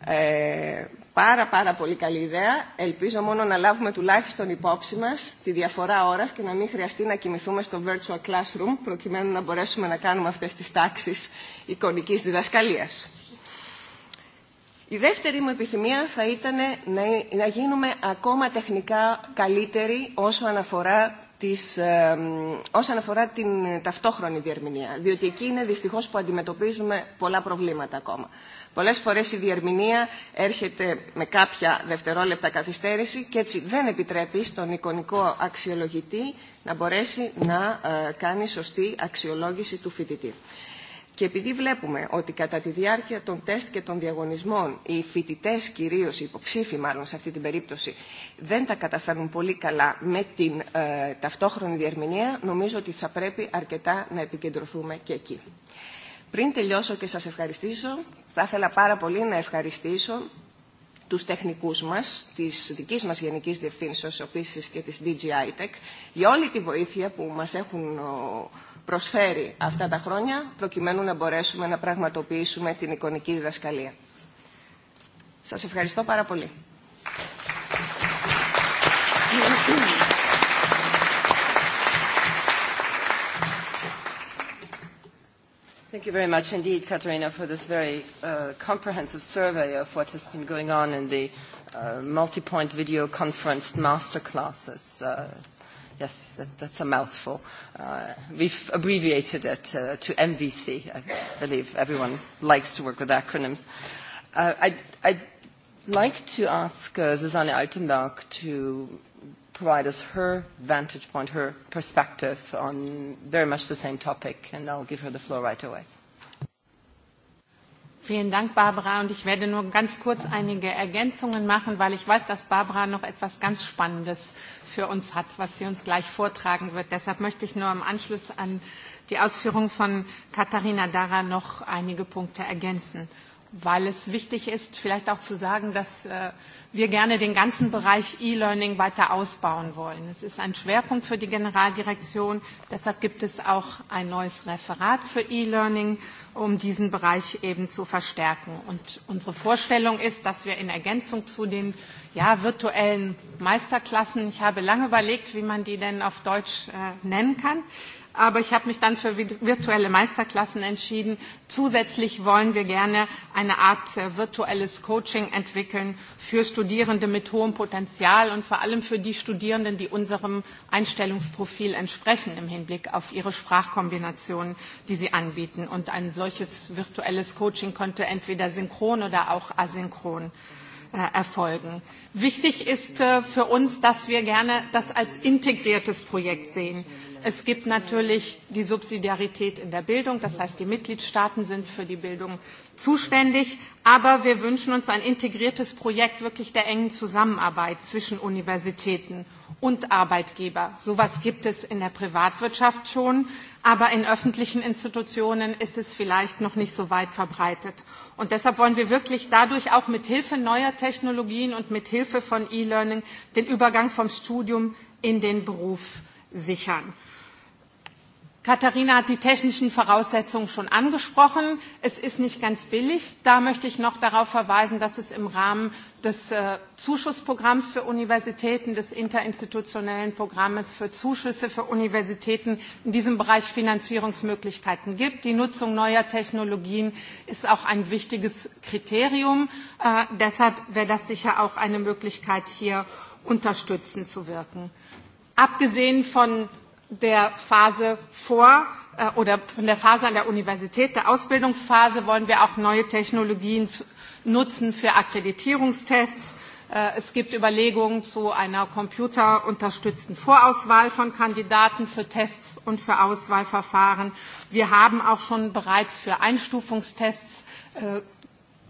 Ε, πάρα πάρα πολύ καλή ιδέα. Ελπίζω μόνο να λάβουμε τουλάχιστον υπόψη μας τη διαφορά ώρας και να μην χρειαστεί να κοιμηθούμε στο virtual classroom προκειμένου να μπορέσουμε να κάνουμε αυτές τις τάξεις εικονικής διδασκαλίας. Η δεύτερη μου επιθυμία θα ήταν να, να γίνουμε ακόμα τεχνικά καλύτεροι όσο αναφορά τις, ε, όσον αφορά την ταυτόχρονη διερμηνία, διότι εκεί είναι δυστυχώς που αντιμετωπίζουμε πολλά προβλήματα ακόμα. Πολλές φορές η διερμηνία έρχεται με κάποια δευτερόλεπτα καθυστέρηση και έτσι δεν επιτρέπει στον εικονικό αξιολογητή να μπορέσει να κάνει σωστή αξιολόγηση του φοιτητή. Και επειδή βλέπουμε ότι κατά τη διάρκεια των τεστ και των διαγωνισμών οι φοιτητέ, κυρίω οι υποψήφοι μάλλον σε αυτή την περίπτωση, δεν τα καταφέρνουν πολύ καλά με την ε, ταυτόχρονη διερμηνία, νομίζω ότι θα πρέπει αρκετά να επικεντρωθούμε και εκεί. Πριν τελειώσω και σας ευχαριστήσω, θα ήθελα πάρα πολύ να ευχαριστήσω τους τεχνικούς μας, της δικής μας Γενικής Διευθύνσης, Επίσης και της DGI Tech, για όλη τη βοήθεια που μας έχουν προσφέρει αυτά τα χρόνια, προκειμένου να μπορέσουμε να πραγματοποιήσουμε την εικονική διδασκαλία. Σας ευχαριστώ πάρα πολύ. Thank you. Thank you very much indeed, Katerina, for this very uh, comprehensive survey of what has been going on in the uh, multi-point video conference master classes. Uh, yes, that, that's a mouthful. Uh, we've abbreviated it uh, to MVC. I believe everyone likes to work with acronyms. Uh, I'd, I'd like to ask uh, Susanne Altenberg to provide us her vantage point, her perspective on very much the same topic, and I'll give her the floor right away. Vielen Dank, Barbara. Und ich werde nur ganz kurz einige Ergänzungen machen, weil ich weiß, dass Barbara noch etwas ganz Spannendes für uns hat, was sie uns gleich vortragen wird. Deshalb möchte ich nur im Anschluss an die Ausführungen von Katharina Dara noch einige Punkte ergänzen weil es wichtig ist, vielleicht auch zu sagen, dass äh, wir gerne den ganzen Bereich E-Learning weiter ausbauen wollen. Es ist ein Schwerpunkt für die Generaldirektion. Deshalb gibt es auch ein neues Referat für E-Learning, um diesen Bereich eben zu verstärken. Und unsere Vorstellung ist, dass wir in Ergänzung zu den ja, virtuellen Meisterklassen, ich habe lange überlegt, wie man die denn auf Deutsch äh, nennen kann, äh, aber ich habe mich dann für virtuelle Meisterklassen entschieden. Zusätzlich wollen wir gerne eine Art äh, virtuelles Coaching entwickeln für Studierende mit hohem Potenzial und vor allem für die Studierenden, die unserem Einstellungsprofil entsprechen im Hinblick auf ihre Sprachkombinationen, die sie anbieten. Und ein solches virtuelles Coaching könnte entweder synchron oder auch asynchron äh, Äh, erfolgen. Wichtig ist äh, für uns, dass wir gerne das als integriertes Projekt sehen. Es gibt natürlich die Subsidiarität in der Bildung, das heißt, die Mitgliedstaaten sind für die Bildung zuständig, aber wir wünschen uns ein integriertes Projekt wirklich der engen Zusammenarbeit zwischen Universitäten und Arbeitgeber. So etwas gibt es in der Privatwirtschaft schon, aber in öffentlichen Institutionen ist es vielleicht noch nicht so weit verbreitet. Und deshalb wollen wir wirklich dadurch auch mit Hilfe neuer Technologien und mit Hilfe von E-Learning den Übergang vom Studium in den Beruf sichern. Katharina hat die technischen Voraussetzungen schon angesprochen. Es ist nicht ganz billig. Da möchte ich noch darauf verweisen, dass es im Rahmen des äh, Zuschussprogramms für Universitäten, des interinstitutionellen Programmes für Zuschüsse für Universitäten in diesem Bereich Finanzierungsmöglichkeiten gibt. Die Nutzung neuer Technologien ist auch ein wichtiges Kriterium. Äh, deshalb wäre das sicher auch eine Möglichkeit, hier unterstützend zu wirken. Abgesehen von der Phase vor äh, oder von der Phase an der Universität, der Ausbildungsphase, wollen wir auch neue Technologien nutzen für Akkreditierungstests. Äh, es gibt Überlegungen zu einer computerunterstützten Vorauswahl von Kandidaten für Tests und für Auswahlverfahren. Wir haben auch schon bereits für Einstufungstests äh,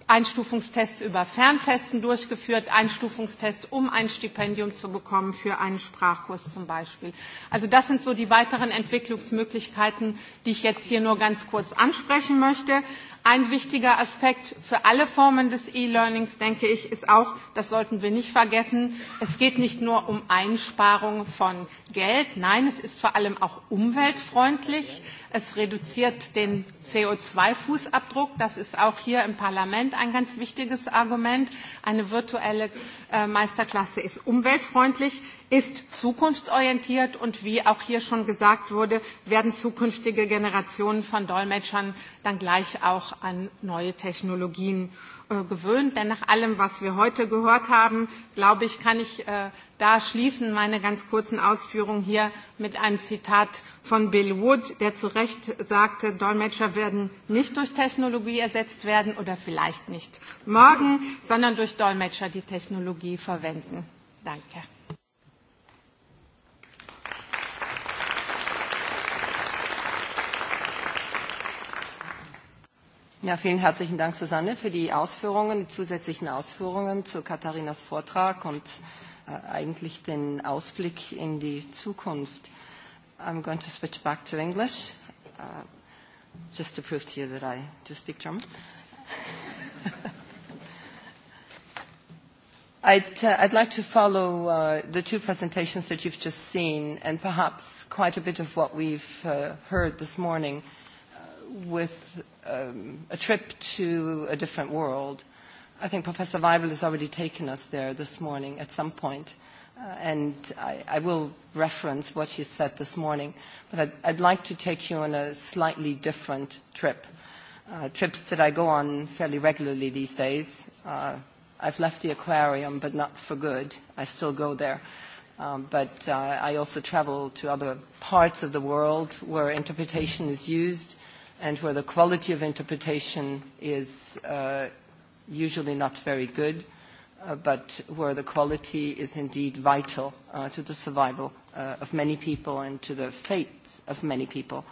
Einstufungstests über Ferntesten durchgeführt, Einstufungstest, um ein Stipendium zu bekommen für einen Sprachkurs zum Beispiel. Also das sind so die weiteren Entwicklungsmöglichkeiten, die ich jetzt hier nur ganz kurz ansprechen möchte. Ein wichtiger Aspekt für alle Formen des E-Learnings, denke ich, ist auch, das sollten wir nicht vergessen, es geht nicht nur um Einsparung von Geld, nein, es ist vor allem auch umweltfreundlich. Es reduziert den CO2-Fußabdruck. Das ist auch hier im Parlament ein ganz wichtiges Argument. Eine virtuelle äh, Meisterklasse ist umweltfreundlich ist zukunftsorientiert und wie auch hier schon gesagt wurde, werden zukünftige Generationen von Dolmetschern dann gleich auch an neue Technologien äh, gewöhnt. Denn nach allem, was wir heute gehört haben, glaube ich, kann ich äh, da schließen meine ganz kurzen Ausführungen hier mit einem Zitat von Bill Wood, der zu Recht sagte, Dolmetscher werden nicht durch Technologie ersetzt werden oder vielleicht nicht morgen, sondern durch Dolmetscher, die Technologie verwenden. Danke. Ja, vielen herzlichen Dank, Susanne, für die Ausführungen, die zusätzlichen Ausführungen zu Katharinas Vortrag und äh, eigentlich den Ausblick in die Zukunft. I'm going to switch back to English, uh, just to prove to you that I do speak German. I'd, uh, I'd like to follow uh, the two presentations that you've just seen and perhaps quite a bit of what we've uh, heard this morning uh, with um, a trip to a different world. I think Professor Weibel has already taken us there this morning at some point, uh, and I, I will reference what he said this morning, but I'd, I'd like to take you on a slightly different trip, uh, trips that I go on fairly regularly these days. Uh, I've left the aquarium, but not for good. I still go there. Um, but uh, I also travel to other parts of the world where interpretation is used – and where the quality of interpretation is uh, usually not very good, uh, but where the quality is indeed vital uh, to the survival uh, of many people and to the fate of many people.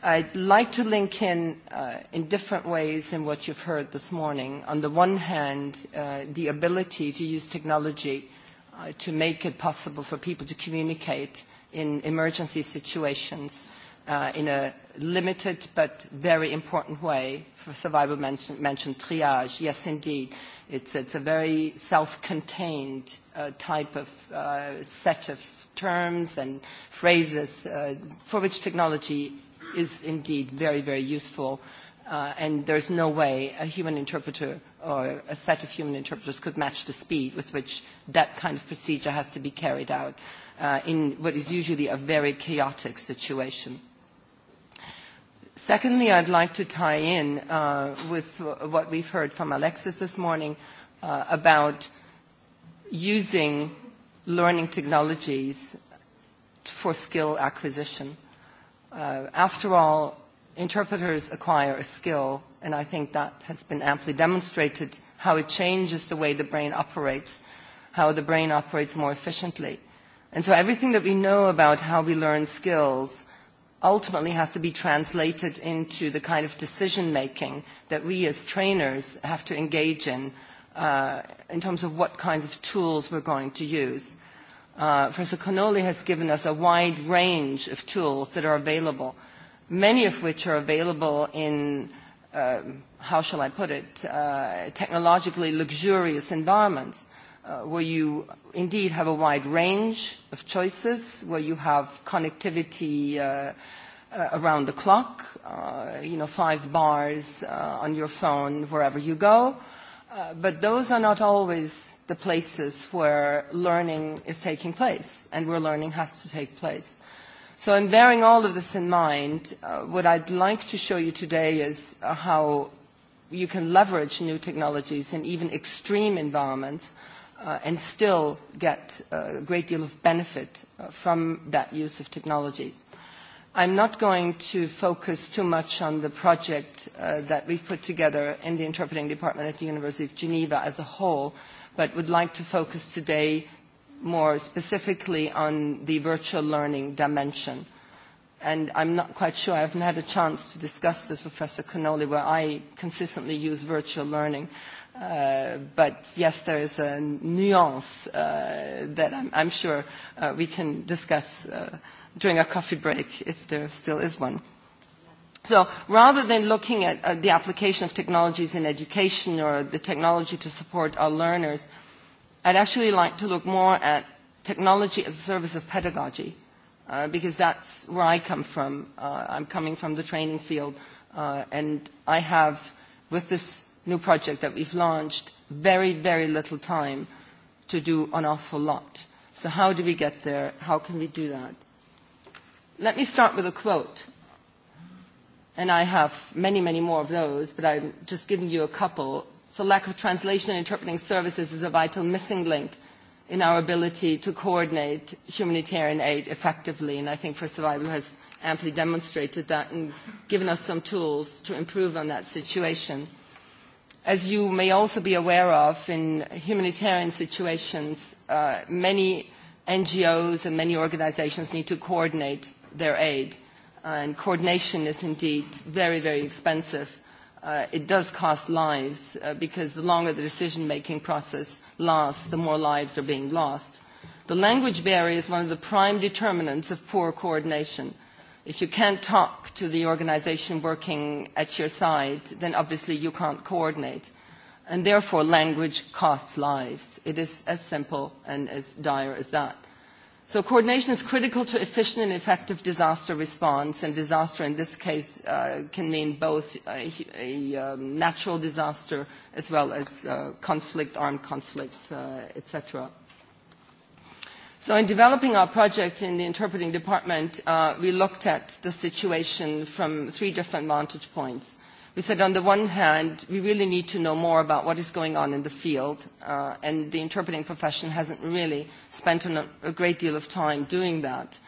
I'd like to link in, uh, in different ways in what you've heard this morning. On the one hand, uh, the ability to use technology uh, to make it possible for people to communicate in emergency situations uh, uh, in a limited but very important way for survival mentioned, mentioned triage. Yes, indeed. It's, it's a very self-contained uh, type of uh, set of terms and phrases uh, for which technology is indeed very, very useful. Uh, and there's no way a human interpreter or a set of human interpreters could match the speed with which that kind of procedure has to be carried out uh, in what is usually a very chaotic situation. Secondly, I'd like to tie in uh, with what we've heard from Alexis this morning uh, about using learning technologies for skill acquisition. Uh, after all, interpreters acquire a skill, and I think that has been amply demonstrated how it changes the way the brain operates, how the brain operates more efficiently. And so everything that we know about how we learn skills ultimately has to be translated into the kind of decision making that we as trainers have to engage in uh, in terms of what kinds of tools we're going to use. Uh, Professor Connolly has given us a wide range of tools that are available, many of which are available in, uh, how shall I put it, uh, technologically luxurious environments. Uh, where you indeed have a wide range of choices, where you have connectivity uh, uh, around the clock, uh, you know, five bars uh, on your phone wherever you go. Uh, but those are not always the places where learning is taking place and where learning has to take place. So in bearing all of this in mind, uh, what I'd like to show you today is uh, how you can leverage new technologies in even extreme environments uh, uh, and still get a great deal of benefit uh, from that use of technologies. I'm not going to focus too much on the project uh, that we've put together in the interpreting department at the University of Geneva as a whole, but would like to focus today more specifically on the virtual learning dimension. And I'm not quite sure, I haven't had a chance to discuss this with Professor Cannoli, where I consistently use virtual learning. Uh, but yes, there is a nuance uh, that I'm, I'm sure uh, we can discuss uh, during a coffee break if there still is one. So rather than looking at uh, the application of technologies in education or the technology to support our learners, I'd actually like to look more at technology at the service of pedagogy, uh, because that's where I come from. Uh, I'm coming from the training field, uh, and I have, with this new project that we've launched very, very little time to do an awful lot. So how do we get there? How can we do that? Let me start with a quote. And I have many, many more of those, but I'm just giving you a couple. So lack of translation and interpreting services is a vital missing link in our ability to coordinate humanitarian aid effectively. And I think For Survival has amply demonstrated that and given us some tools to improve on that situation. As you may also be aware of, in humanitarian situations, uh, many NGOs and many organizations need to coordinate their aid. Uh, and coordination is indeed very, very expensive. Uh, it does cost lives uh, because the longer the decision-making process lasts, the more lives are being lost. The language barrier is one of the prime determinants of poor coordination – If you can't talk to the organization working at your side, then obviously you can't coordinate. And therefore, language costs lives. It is as simple and as dire as that. So coordination is critical to efficient and effective disaster response, and disaster in this case uh, can mean both a, a um, natural disaster as well as uh, conflict, armed conflict, uh, etc. So in developing our project in the interpreting department, uh, we looked at the situation from three different vantage points. We said on the one hand, we really need to know more about what is going on in the field, uh, and the interpreting profession hasn't really spent an, a great deal of time doing that.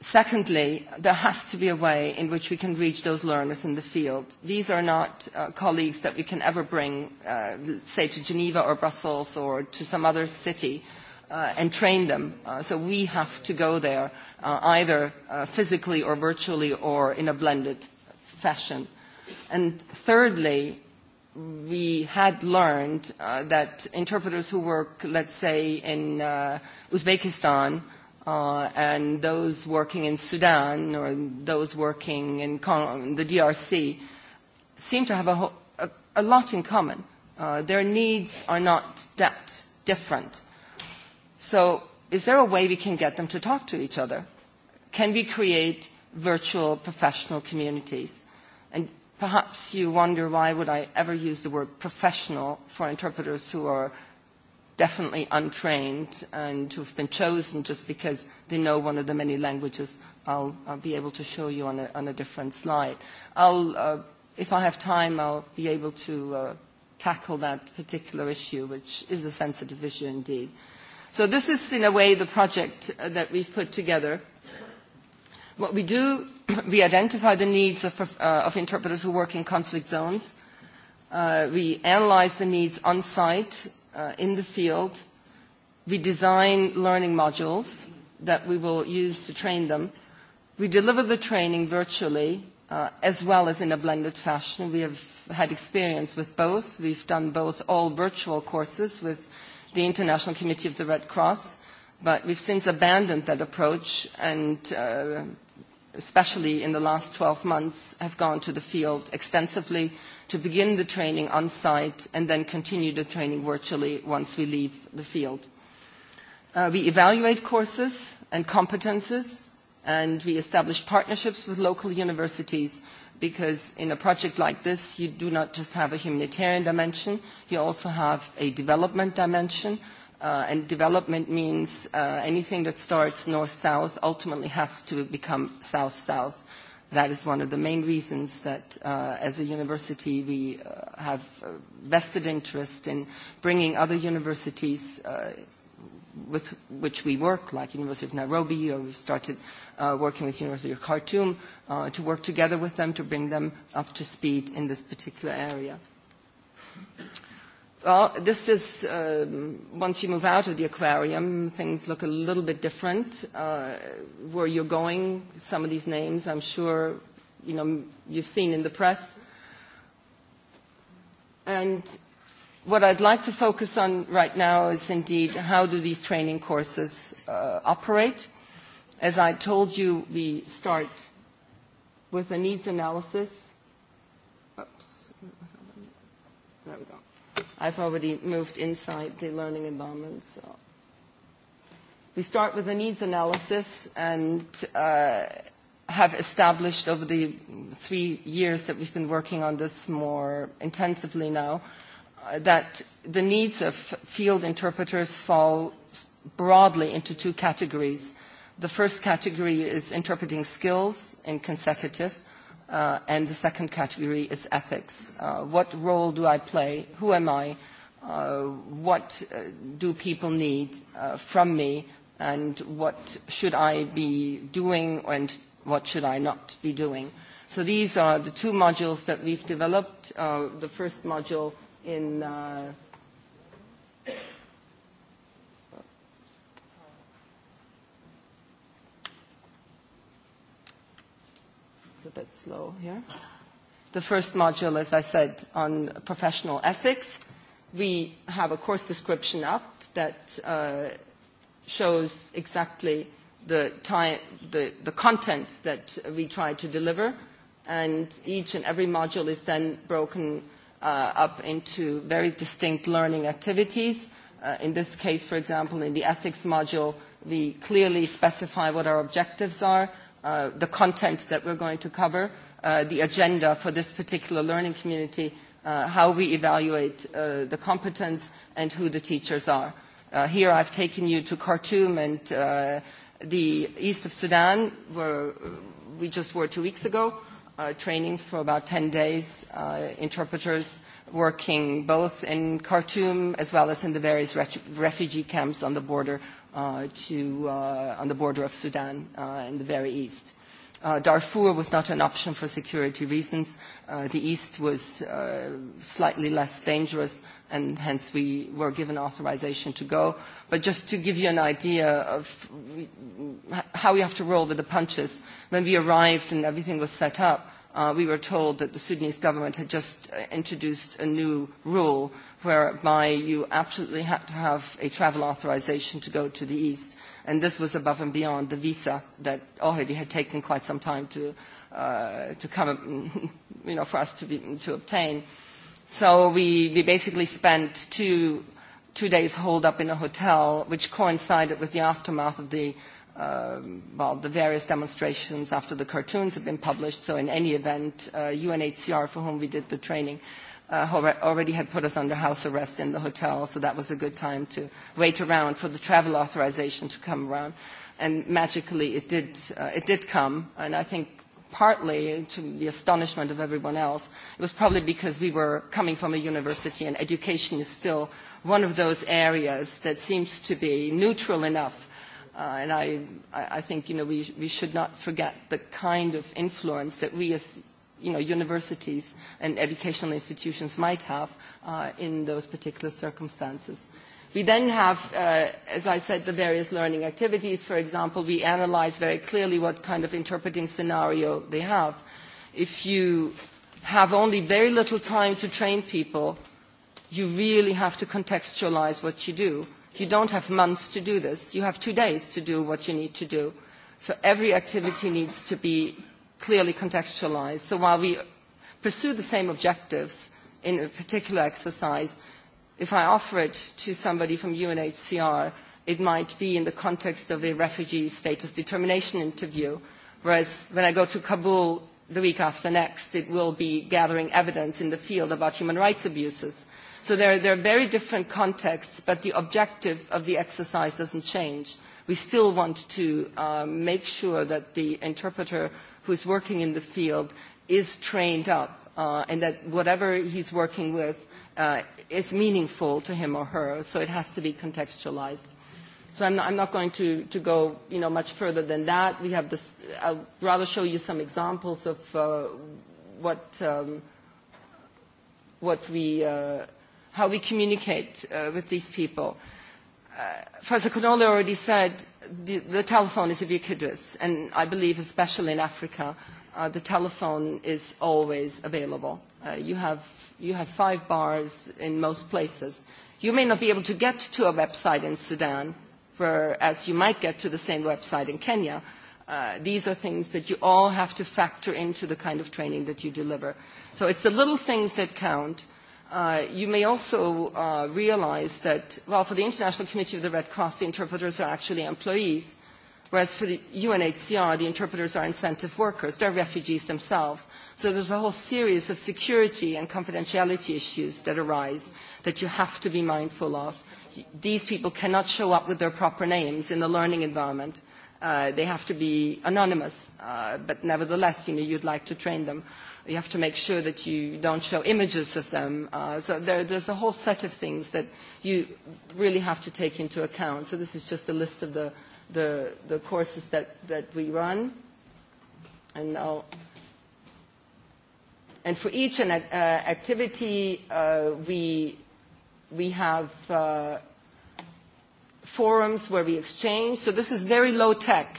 Secondly, there has to be a way in which we can reach those learners in the field. These are not uh, colleagues that we can ever bring, uh, say, to Geneva or Brussels or to some other city uh, and train them. Uh, so we have to go there uh, either uh, physically or virtually or in a blended fashion. And thirdly, we had learned uh, that interpreters who work, let's say, in uh, Uzbekistan uh, and those working in Sudan or those working in the DRC seem to have a, a, a lot in common. Uh, their needs are not that different. So is there a way we can get them to talk to each other? Can we create virtual professional communities? And perhaps you wonder why would I ever use the word professional for interpreters who are definitely untrained and who've been chosen just because they know one of the many languages I'll, I'll be able to show you on a, on a different slide. I'll, uh, if I have time, I'll be able to uh, tackle that particular issue, which is a sensitive issue indeed. So this is, in a way, the project uh, that we've put together. What we do, we identify the needs of, uh, of interpreters who work in conflict zones. Uh, we analyze the needs on site, uh, in the field. We design learning modules that we will use to train them. We deliver the training virtually uh, as well as in a blended fashion. We have had experience with both. We've done both all virtual courses with the International Committee of the Red Cross, but we've since abandoned that approach and uh, especially in the last 12 months, have gone to the field extensively to begin the training on site and then continue the training virtually once we leave the field. Uh, we evaluate courses and competences, and we establish partnerships with local universities because in a project like this, you do not just have a humanitarian dimension, you also have a development dimension. Uh, and development means uh, anything that starts north-south ultimately has to become south-south. That is one of the main reasons that uh, as a university we uh, have vested interest in bringing other universities uh, with which we work, like University of Nairobi, or we've started uh, uh, working with University of Khartoum uh, to work together with them to bring them up to speed in this particular area. Well, this is, um, once you move out of the aquarium, things look a little bit different. Uh, where you're going, some of these names, I'm sure, you know, you've seen in the press. And what I'd like to focus on right now is indeed how do these training courses uh, operate As I told you, we start with a needs analysis. Oops. There we go. I've already moved inside the learning environment, so. We start with a needs analysis and uh, have established over the three years that we've been working on this more intensively now uh, that the needs of field interpreters fall broadly into two categories. The first category is interpreting skills in consecutive, uh, and the second category is ethics. Uh, what role do I play? Who am I? Uh, what uh, do people need uh, from me? And what should I be doing and what should I not be doing? So these are the two modules that we've developed. Uh, the first module in uh, bit slow here. The first module, as I said, on professional ethics. We have a course description up that uh, shows exactly the, time, the, the content that we try to deliver. And each and every module is then broken uh, up into very distinct learning activities. Uh, in this case, for example, in the ethics module, we clearly specify what our objectives are Uh, the content that we're going to cover, uh, the agenda for this particular learning community, uh, how we evaluate uh, the competence, and who the teachers are. Uh, here I've taken you to Khartoum and uh, the east of Sudan, where uh, we just were two weeks ago, uh, training for about 10 days, uh, interpreters working both in Khartoum as well as in the various ret- refugee camps on the border uh, to, uh, on the border of Sudan uh, in the very east. Uh, Darfur was not an option for security reasons. Uh, the east was uh, slightly less dangerous, and hence we were given authorization to go. But just to give you an idea of how we have to roll with the punches, when we arrived and everything was set up, uh, we were told that the Sudanese government had just introduced a new rule whereby you absolutely had to have a travel authorization to go to the East. And this was above and beyond the visa that already had taken quite some time to, uh, to come, you know, for us to, be, to obtain. So we, we basically spent two, two days holed up in a hotel, which coincided with the aftermath of the, uh, well, the various demonstrations after the cartoons had been published. So in any event, uh, UNHCR, for whom we did the training, uh, uh, already had put us under house arrest in the hotel, so that was a good time to wait around for the travel authorization to come around. And magically, it did, uh, it did come, and I think partly to the astonishment of everyone else, it was probably because we were coming from a university and education is still one of those areas that seems to be neutral enough. Uh, and I, I think, you know, we, we should not forget the kind of influence that we as you know, universities and educational institutions might have uh, in those particular circumstances. We then have, uh, as I said, the various learning activities. For example, we analyze very clearly what kind of interpreting scenario they have. If you have only very little time to train people, you really have to contextualize what you do. You don't have months to do this. You have two days to do what you need to do. So every activity needs to be clearly contextualized. So while we pursue the same objectives in a particular exercise, if I offer it to somebody from UNHCR, it might be in the context of a refugee status determination interview, whereas when I go to Kabul the week after next, it will be gathering evidence in the field about human rights abuses. So there, are, there are very different contexts, but the objective of the exercise doesn't change. We still want to uh, make sure that the interpreter who's working in the field is trained up uh, and that whatever he's working with uh, is meaningful to him or her, so it has to be contextualized. So I'm not, I'm not going to, to go you know, much further than that. We have this, I'll rather show you some examples of uh, what, um, what we, uh, how we communicate uh, with these people. Uh, Professor Kunola already said the, the telephone is ubiquitous, and I believe especially in Africa, uh, the telephone is always available. Uh, you, have, you have five bars in most places. You may not be able to get to a website in Sudan, whereas you might get to the same website in Kenya. Uh, these are things that you all have to factor into the kind of training that you deliver. So it's the little things that count Uh, you may also uh, realize that, well, for the International Committee of the Red Cross, the interpreters are actually employees, whereas for the UNHCR, the interpreters are incentive workers. They're refugees themselves. So there's a whole series of security and confidentiality issues that arise that you have to be mindful of. These people cannot show up with their proper names in the learning environment. Uh, they have to be anonymous, uh, but nevertheless, you know, you'd like to train them. You have to make sure that you don't show images of them. Uh, so there, there's a whole set of things that you really have to take into account. So this is just a list of the, the, the courses that, that we run. And, I'll, and for each an, uh, activity, uh, we, we have uh, forums where we exchange. So this is very low tech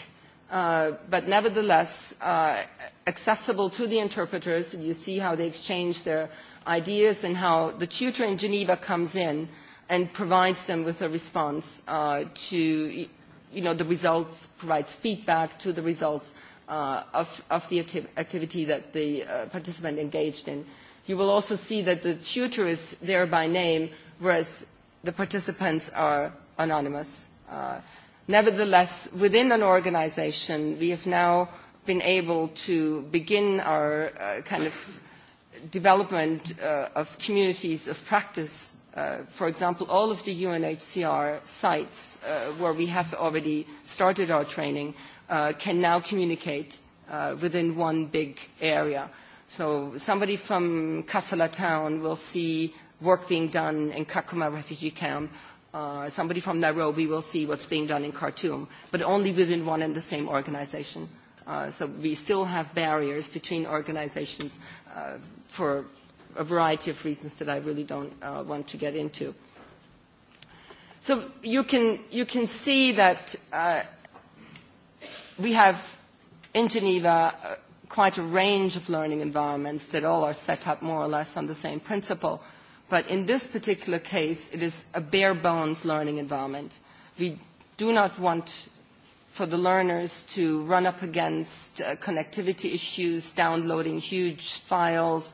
Uh, but nevertheless uh, accessible to the interpreters. You see how they exchange their ideas and how the tutor in Geneva comes in and provides them with a response uh, to you know, the results, provides feedback to the results uh, of, of the activ activity that the uh, participant engaged in. You will also see that the tutor is there by name, whereas the participants are anonymous. Uh, Nevertheless, within an organization, we have now been able to begin our uh, kind of development uh, of communities of practice. Uh, for example, all of the UNHCR sites uh, where we have already started our training uh, can now communicate uh, within one big area. So somebody from Kassala town will see work being done in Kakuma refugee camp Uh, somebody from Nairobi will see what's being done in Khartoum, but only within one and the same organization. Uh, so we still have barriers between organizations uh, for a variety of reasons that I really don't uh, want to get into. So you can, you can see that uh, we have in Geneva uh, quite a range of learning environments that all are set up more or less on the same principle. Uh, But in this particular case, it is a bare bones learning environment. We do not want for the learners to run up against uh, connectivity issues, downloading huge files.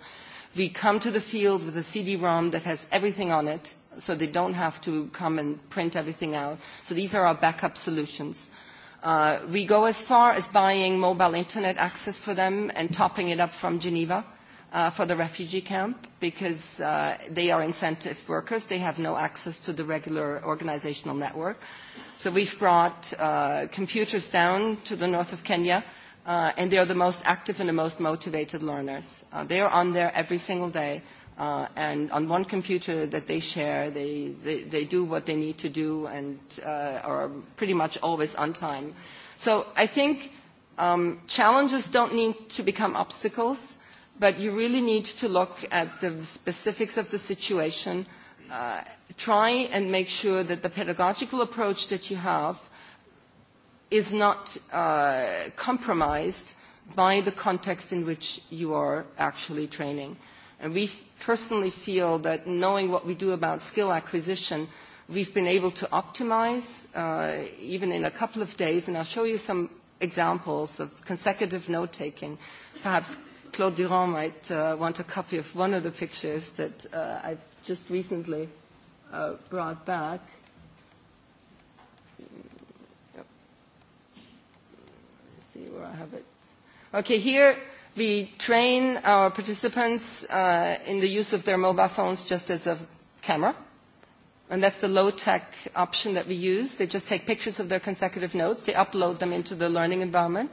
We come to the field with a CD-ROM that has everything on it, so they don't have to come and print everything out. So these are our backup solutions. Uh, we go as far as buying mobile internet access for them and topping it up from Geneva uh, for the refugee camp because uh, they are incentive workers. They have no access to the regular organizational network. So we've brought uh, computers down to the north of Kenya, uh, and they are the most active and the most motivated learners. Uh, they are on there every single day, uh, and on one computer that they share, they, they, they do what they need to do and uh, are pretty much always on time. So I think um, challenges don't need to become obstacles but you really need to look at the specifics of the situation, uh, try and make sure that the pedagogical approach that you have is not uh, compromised by the context in which you are actually training. And we personally feel that knowing what we do about skill acquisition, we've been able to optimize uh, even in a couple of days, and I'll show you some examples of consecutive note-taking, perhaps Claude Durand might uh, want a copy of one of the pictures that uh, I just recently uh, brought back. Let's see where I have it. Okay, here we train our participants uh, in the use of their mobile phones just as a camera. And that's the low-tech option that we use. They just take pictures of their consecutive notes. They upload them into the learning environment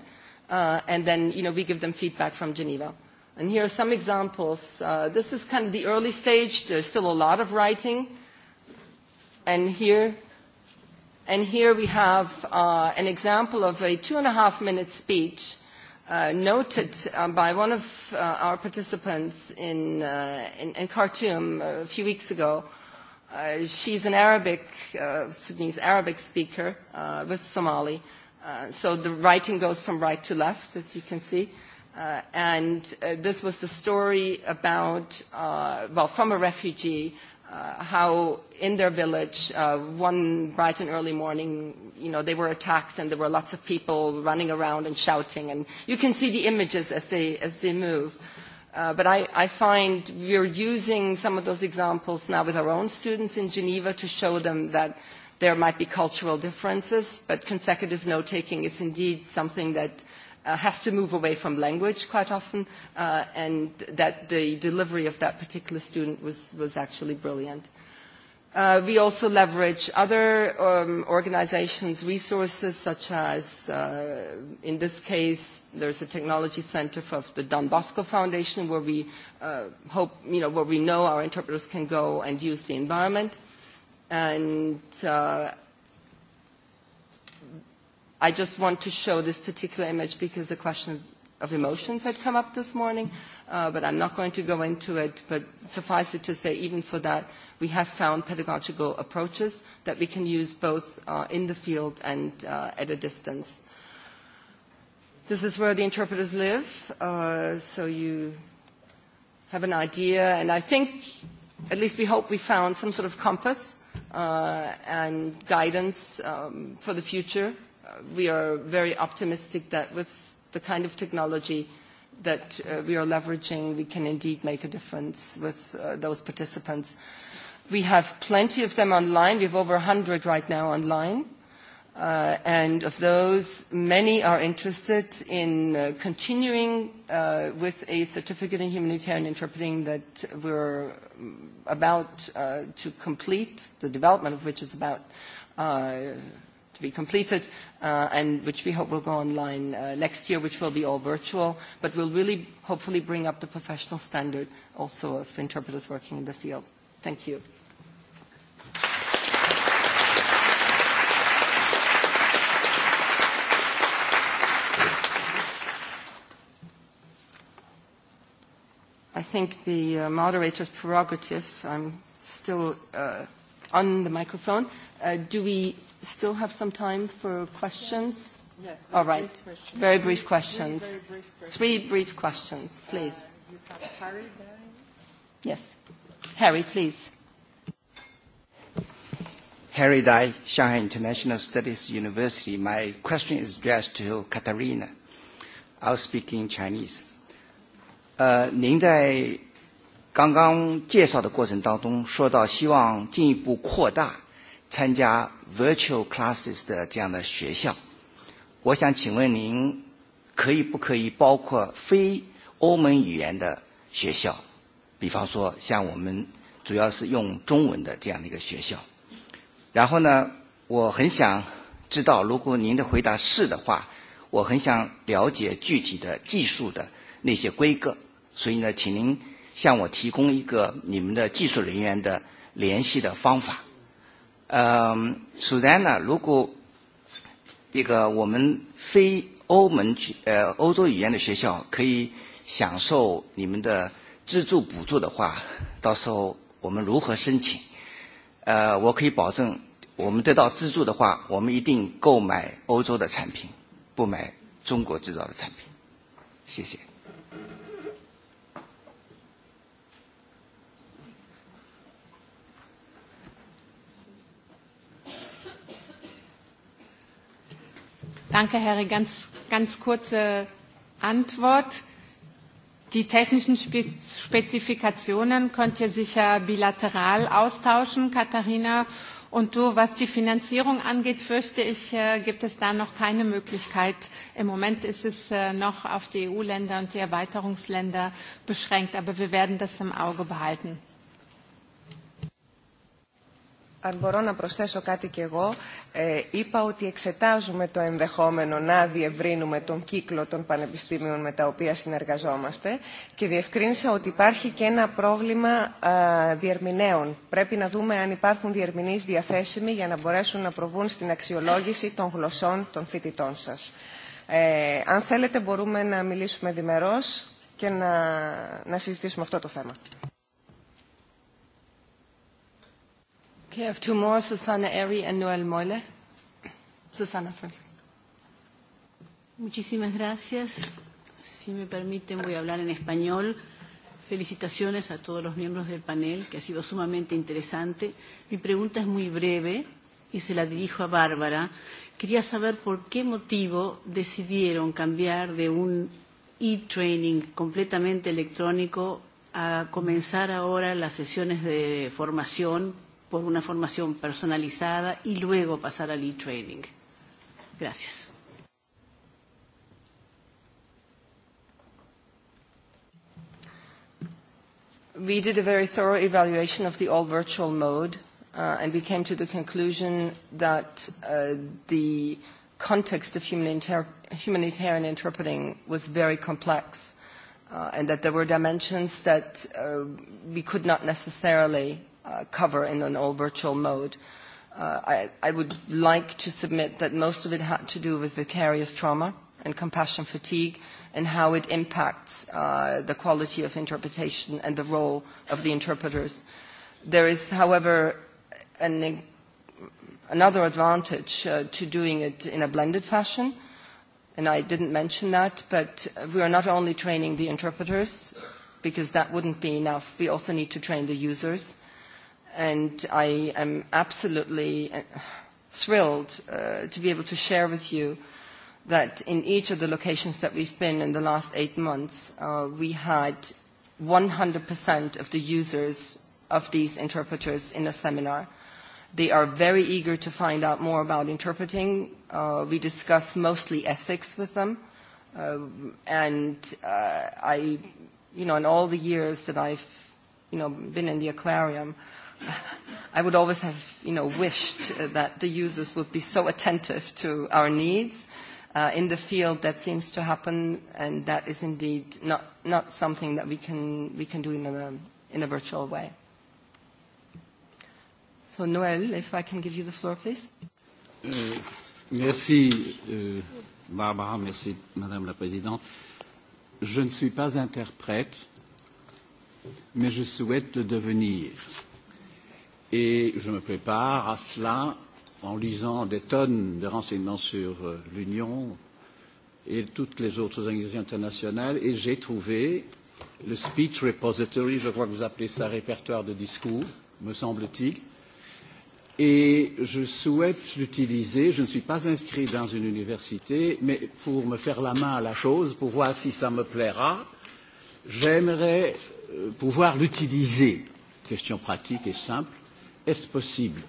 uh, and then you know, we give them feedback from Geneva. And here are some examples. Uh, this is kind of the early stage. There's still a lot of writing. And here, and here we have uh, an example of a two and a half minute speech uh, noted um, by one of uh, our participants in, uh, in, in Khartoum a few weeks ago. Uh, she's an Arabic, uh, Sudanese Arabic speaker uh, with Somali. Uh, Uh, so the writing goes from right to left, as you can see. Uh, and uh, this was the story about, uh, well, from a refugee, uh, how in their village, uh, one bright and early morning, you know, they were attacked and there were lots of people running around and shouting. And you can see the images as they, as they move. Uh, but I, I find we're using some of those examples now with our own students in Geneva to show them that There might be cultural differences, but consecutive note-taking is indeed something that uh, has to move away from language quite often, uh, and that the delivery of that particular student was, was actually brilliant. Uh, we also leverage other um, organizations' resources, such as, uh, in this case, there's a technology center for the Don Bosco Foundation, where we uh, hope, you know, where we know our interpreters can go and use the environment. And uh, I just want to show this particular image because the question of emotions had come up this morning, uh, but I'm not going to go into it. But suffice it to say, even for that, we have found pedagogical approaches that we can use both uh, in the field and uh, at a distance. This is where the interpreters live, uh, so you have an idea, and I think, at least we hope we found some sort of compass Uh, and guidance um, for the future. Uh, we are very optimistic that with the kind of technology that uh, we are leveraging, we can indeed make a difference with those participants. We have plenty of them online. We have over 100 right now online. Uh, and of those, many are interested in uh, continuing uh, with a certificate in humanitarian interpreting that we're mm, about uh, to complete, the development of which is about uh, to be completed, uh, and which we hope will go online uh, next year, which will be all virtual, but will really hopefully bring up the professional standard also of interpreters working in the field. Thank you. think the uh, moderator's prerogative. I'm still uh, on the microphone. Uh, do we still have some time for questions? Yes. All right. Brief questions. very brief questions. Three, very brief questions. Three brief questions, uh, please. Uh, you have Harry Dye. Yes. Harry, please. Harry Dai, Shanghai International Studies University. My question is addressed to Katarina. I'll speak in Chinese. 呃，您在刚刚介绍的过程当中说到，希望进一步扩大参加 virtual classes 的这样的学校。我想请问您，可以不可以包括非欧盟语言的学校？比方说，像我们主要是用中文的这样的一个学校。然后呢，我很想知道，如果您的回答是的话，我很想了解具体的技术的那些规格。所以呢，请您向我提供一个你们的技术人员的联系的方法。嗯，首先呢，如果这个我们非欧盟呃欧洲语言的学校可以享受你们的资助补助的话，到时候我们如何申请？呃，我可以保证，我们得到资助的话，我们一定购买欧洲的产品，不买中国制造的产品。谢谢。Danke, Harry. Ganz, ganz kurze Antwort. Die technischen Spezifikationen könnt ihr sicher bilateral austauschen, Katharina. Und du, was die Finanzierung angeht, fürchte ich, äh, gibt es da noch keine Möglichkeit. Im Moment ist es äh, noch auf die EU-Länder und die Erweiterungsländer beschränkt, aber wir werden das im Auge behalten. Αν μπορώ να προσθέσω κάτι κι εγώ, ε, είπα ότι εξετάζουμε το ενδεχόμενο να διευρύνουμε τον κύκλο των πανεπιστήμιων με τα οποία συνεργαζόμαστε και διευκρίνησα ότι υπάρχει και ένα πρόβλημα α, διερμηνέων. Πρέπει να δούμε αν υπάρχουν διερμηνείς διαθέσιμοι για να μπορέσουν να προβούν στην αξιολόγηση των γλωσσών των φοιτητών σας. Ε, αν θέλετε μπορούμε να μιλήσουμε διμερώς και να, να συζητήσουμε αυτό το θέμα. Okay, I have two more, Susanna Eri and Noel Moyle. Susana first. Muchísimas gracias. Si me permiten, voy a hablar en español. Felicitaciones a todos los miembros del panel, que ha sido sumamente interesante. Mi pregunta es muy breve y se la dirijo a Bárbara. Quería saber por qué motivo decidieron cambiar de un e-training completamente electrónico a comenzar ahora las sesiones de formación por una formación personalizada y luego pasar al e-training. Gracias. We did a very thorough evaluation of the all virtual mode uh, and we came to the conclusion that uh, the context of human inter humanitarian interpreting was very complex uh, and that there were dimensions that uh, we could not necessarily Uh, cover in an all virtual mode. Uh, I, I would like to submit that most of it had to do with vicarious trauma and compassion fatigue and how it impacts uh, the quality of interpretation and the role of the interpreters. There is, however, an, e, another advantage uh, to doing it in a blended fashion, and I didn't mention that, but we are not only training the interpreters, because that wouldn't be enough, we also need to train the users and I am absolutely uh, thrilled uh, to be able to share with you that in each of the locations that we've been in the last eight months, uh, we had 100% of the users of these interpreters in a seminar. They are very eager to find out more about interpreting. Uh, we discuss mostly ethics with them. Uh, and uh, I, you know, in all the years that I've, you know, been in the aquarium, uh, I would always have, you know, wished uh, that the users would be so attentive to our needs. Uh, in the field, that seems to happen, and that is indeed not, not something that we can, we can do in a, in a virtual way. So, Noël, if I can give you the floor, please. Uh, merci, uh, Barbara. Merci, Madame la Présidente. Je ne suis pas interprète, mais je souhaite le devenir. Et je me prépare à cela en lisant des tonnes de renseignements sur euh, l'Union et toutes les autres organisations internationales. Et j'ai trouvé le speech repository, je crois que vous appelez ça répertoire de discours, me semble-t-il. Et je souhaite l'utiliser. Je ne suis pas inscrit dans une université, mais pour me faire la main à la chose, pour voir si ça me plaira, j'aimerais euh, pouvoir l'utiliser. Question pratique et simple Est-ce possible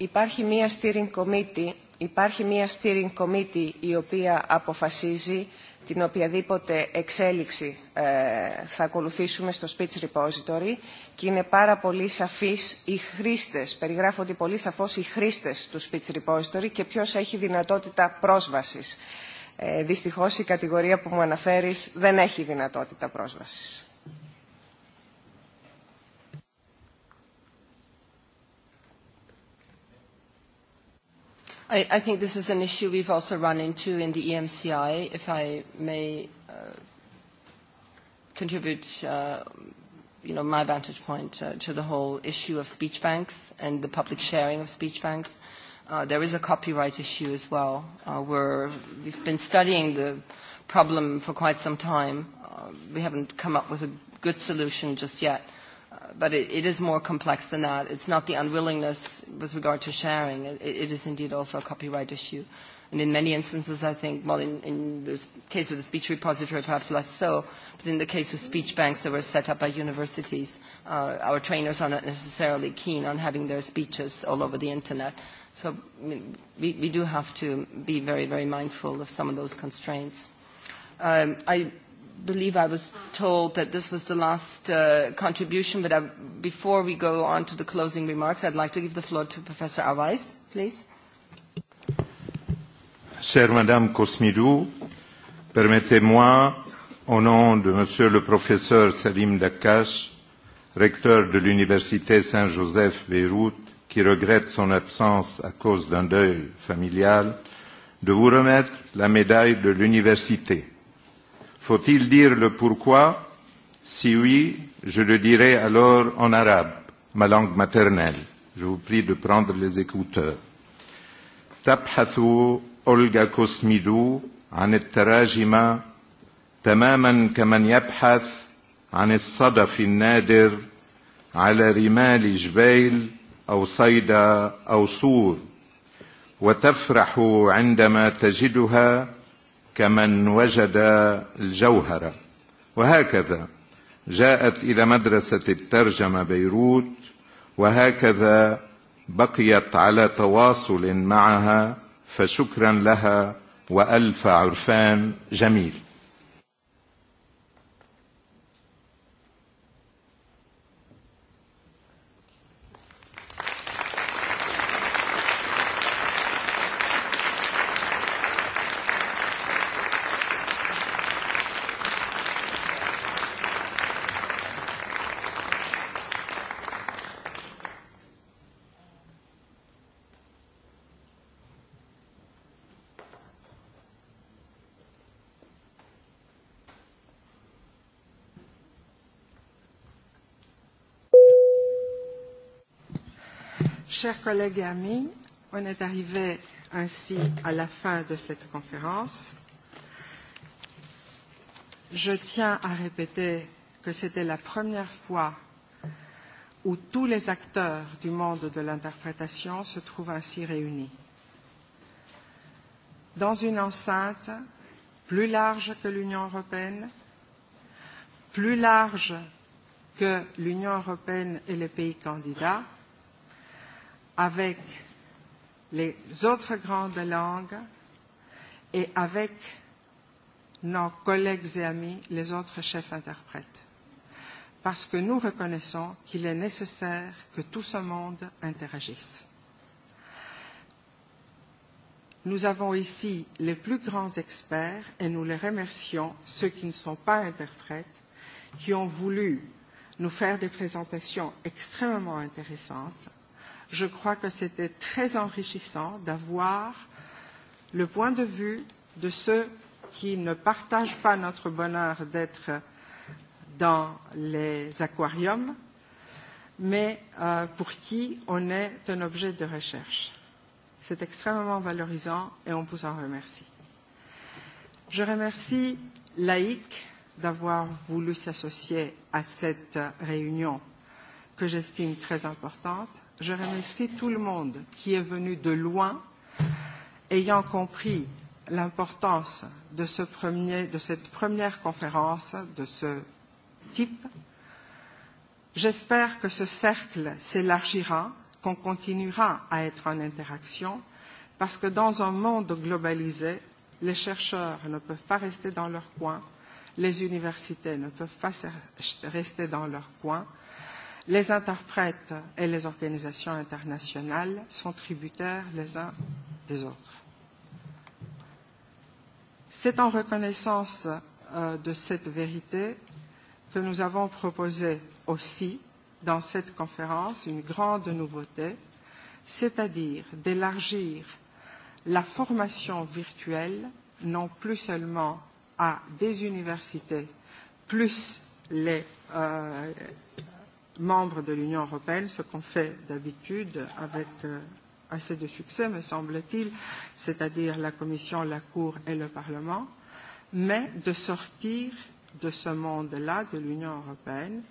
Υπάρχει μία steering committee, υπάρχει μία steering committee η οποία αποφασίζει την οποιαδήποτε εξέλιξη ε, θα ακολουθήσουμε στο speech repository και είναι πάρα πολύ σαφείς οι χρήστες, περιγράφονται πολύ σαφώς οι χρήστες του speech repository και ποιος έχει δυνατότητα πρόσβασης δυστυχώς η κατηγορία που μου αναφέρεις δεν έχει δυνατότητα πρόσβασης. I, I think this is an issue we've also run into in the EMCI, if I may uh, contribute uh, you know, my vantage point uh, to the whole issue of speech banks and the public sharing of speech banks. Uh, Uh, there is a copyright issue as well. Uh, we're, we've been studying the problem for quite some time. Uh, we haven't come up with a good solution just yet, uh, but it, it is more complex than that. It's not the unwillingness with regard to sharing. It, it is indeed also a copyright issue. And in many instances, I think, well, in, in the case of the speech repository, perhaps less so, but in the case of speech banks that were set up by universities, uh, our trainers are not necessarily keen on having their speeches all over the internet. So we, we do have to be very, very mindful of some of those constraints. Um, I believe I was told that this was the last uh, contribution, but I, before we go on to the closing remarks, I'd like to give the floor to Professor Awais, please. Chère Madame Cosmidou, permettez-moi, au nom de Monsieur le Professeur Salim Dakash, recteur de l'Université Saint-Joseph Beyrouth, qui regrette son absence à cause d'un deuil familial, de vous remettre la médaille de l'université. Faut-il dire le pourquoi Si oui, je le dirai alors en arabe, ma langue maternelle. Je vous prie de prendre les écouteurs. تبحث أولغا كوسميدو عن التراجمة تماما كمن يبحث عن الصدف النادر على رمال جبيل أو صيدا أو صور وتفرح عندما تجدها كمن وجد الجوهرة وهكذا جاءت إلى مدرسة الترجمة بيروت وهكذا بقيت على تواصل معها فشكرا لها وألف عرفان جميل Chers collègues et amis, on est arrivé ainsi à la fin de cette conférence. Je tiens à répéter que c'était la première fois où tous les acteurs du monde de l'interprétation se trouvent ainsi réunis. Dans une enceinte plus large que l'Union européenne, plus large que l'Union européenne et les pays candidats, avec les autres grandes langues et avec nos collègues et amis, les autres chefs interprètes. Parce que nous reconnaissons qu'il est nécessaire que tout ce monde interagisse. Nous avons ici les plus grands experts et nous les remercions, ceux qui ne sont pas interprètes, qui ont voulu nous faire des présentations extrêmement intéressantes Je crois que c'était très enrichissant d'avoir le point de vue de ceux qui ne partagent pas notre bonheur d'être dans les aquariums, mais euh, pour qui on est un objet de recherche. C'est extrêmement valorisant et on vous en remercie. Je remercie Laïc d'avoir voulu s'associer à cette réunion que j'estime très importante Je remercie tout le monde qui est venu de loin, ayant compris l'importance de, ce premier, de cette première conférence de ce type. J'espère que ce cercle s'élargira, qu'on continuera à être en interaction, parce que dans un monde globalisé, les chercheurs ne peuvent pas rester dans leur coin, les universités ne peuvent pas rester dans leur coin, Les interprètes et les organisations internationales sont tributaires les uns des autres. C'est en reconnaissance euh, de cette vérité que nous avons proposé aussi dans cette conférence une grande nouveauté, c'est-à-dire d'élargir la formation virtuelle non plus seulement à des universités plus les, euh, membres de l'Union européenne, ce qu'on fait d'habitude avec euh, assez de succès, me semble-t-il, c'est-à-dire la Commission, la Cour et le Parlement, mais de sortir de ce monde-là, de l'Union européenne,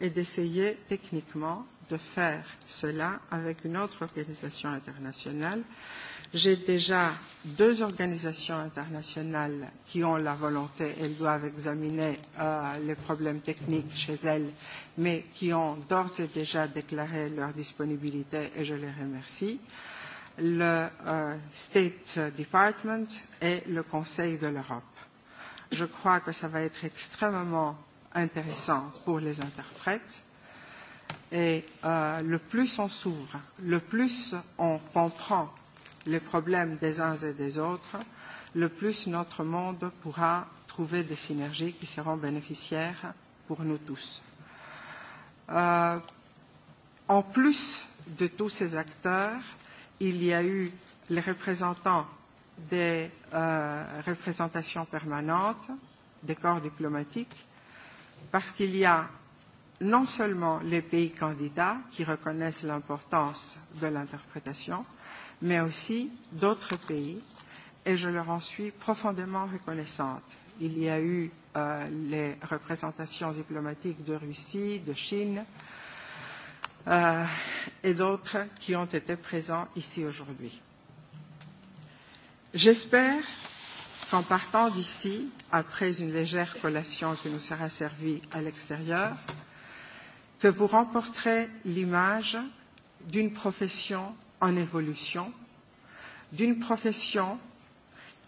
et d'essayer techniquement de faire cela avec une autre organisation internationale euh, J'ai déjà deux organisations internationales qui ont la volonté, elles doivent examiner euh, les problèmes techniques chez elles, mais qui ont d'ores et déjà déclaré leur disponibilité et je les remercie. Le euh, State Department et le Conseil de l'Europe. Je crois que ça va être extrêmement intéressant pour les interprètes et euh, le plus on s'ouvre, le plus on comprend les problèmes des uns et des autres, le plus notre monde pourra trouver des synergies qui seront bénéficiaires pour nous tous. Euh, en plus de tous ces acteurs, il y a eu les représentants des euh, représentations permanentes, des corps diplomatiques, parce qu'il y a non seulement les pays candidats qui reconnaissent l'importance de l'interprétation, mais aussi d'autres pays, et je leur en suis profondément reconnaissante. Il y a eu euh, les représentations diplomatiques de Russie, de Chine euh, et d'autres qui ont été présents ici aujourd'hui. J'espère qu'en partant d'ici, après une légère collation qui nous sera servie à l'extérieur, que vous remporterez l'image d'une profession en évolution, d'une profession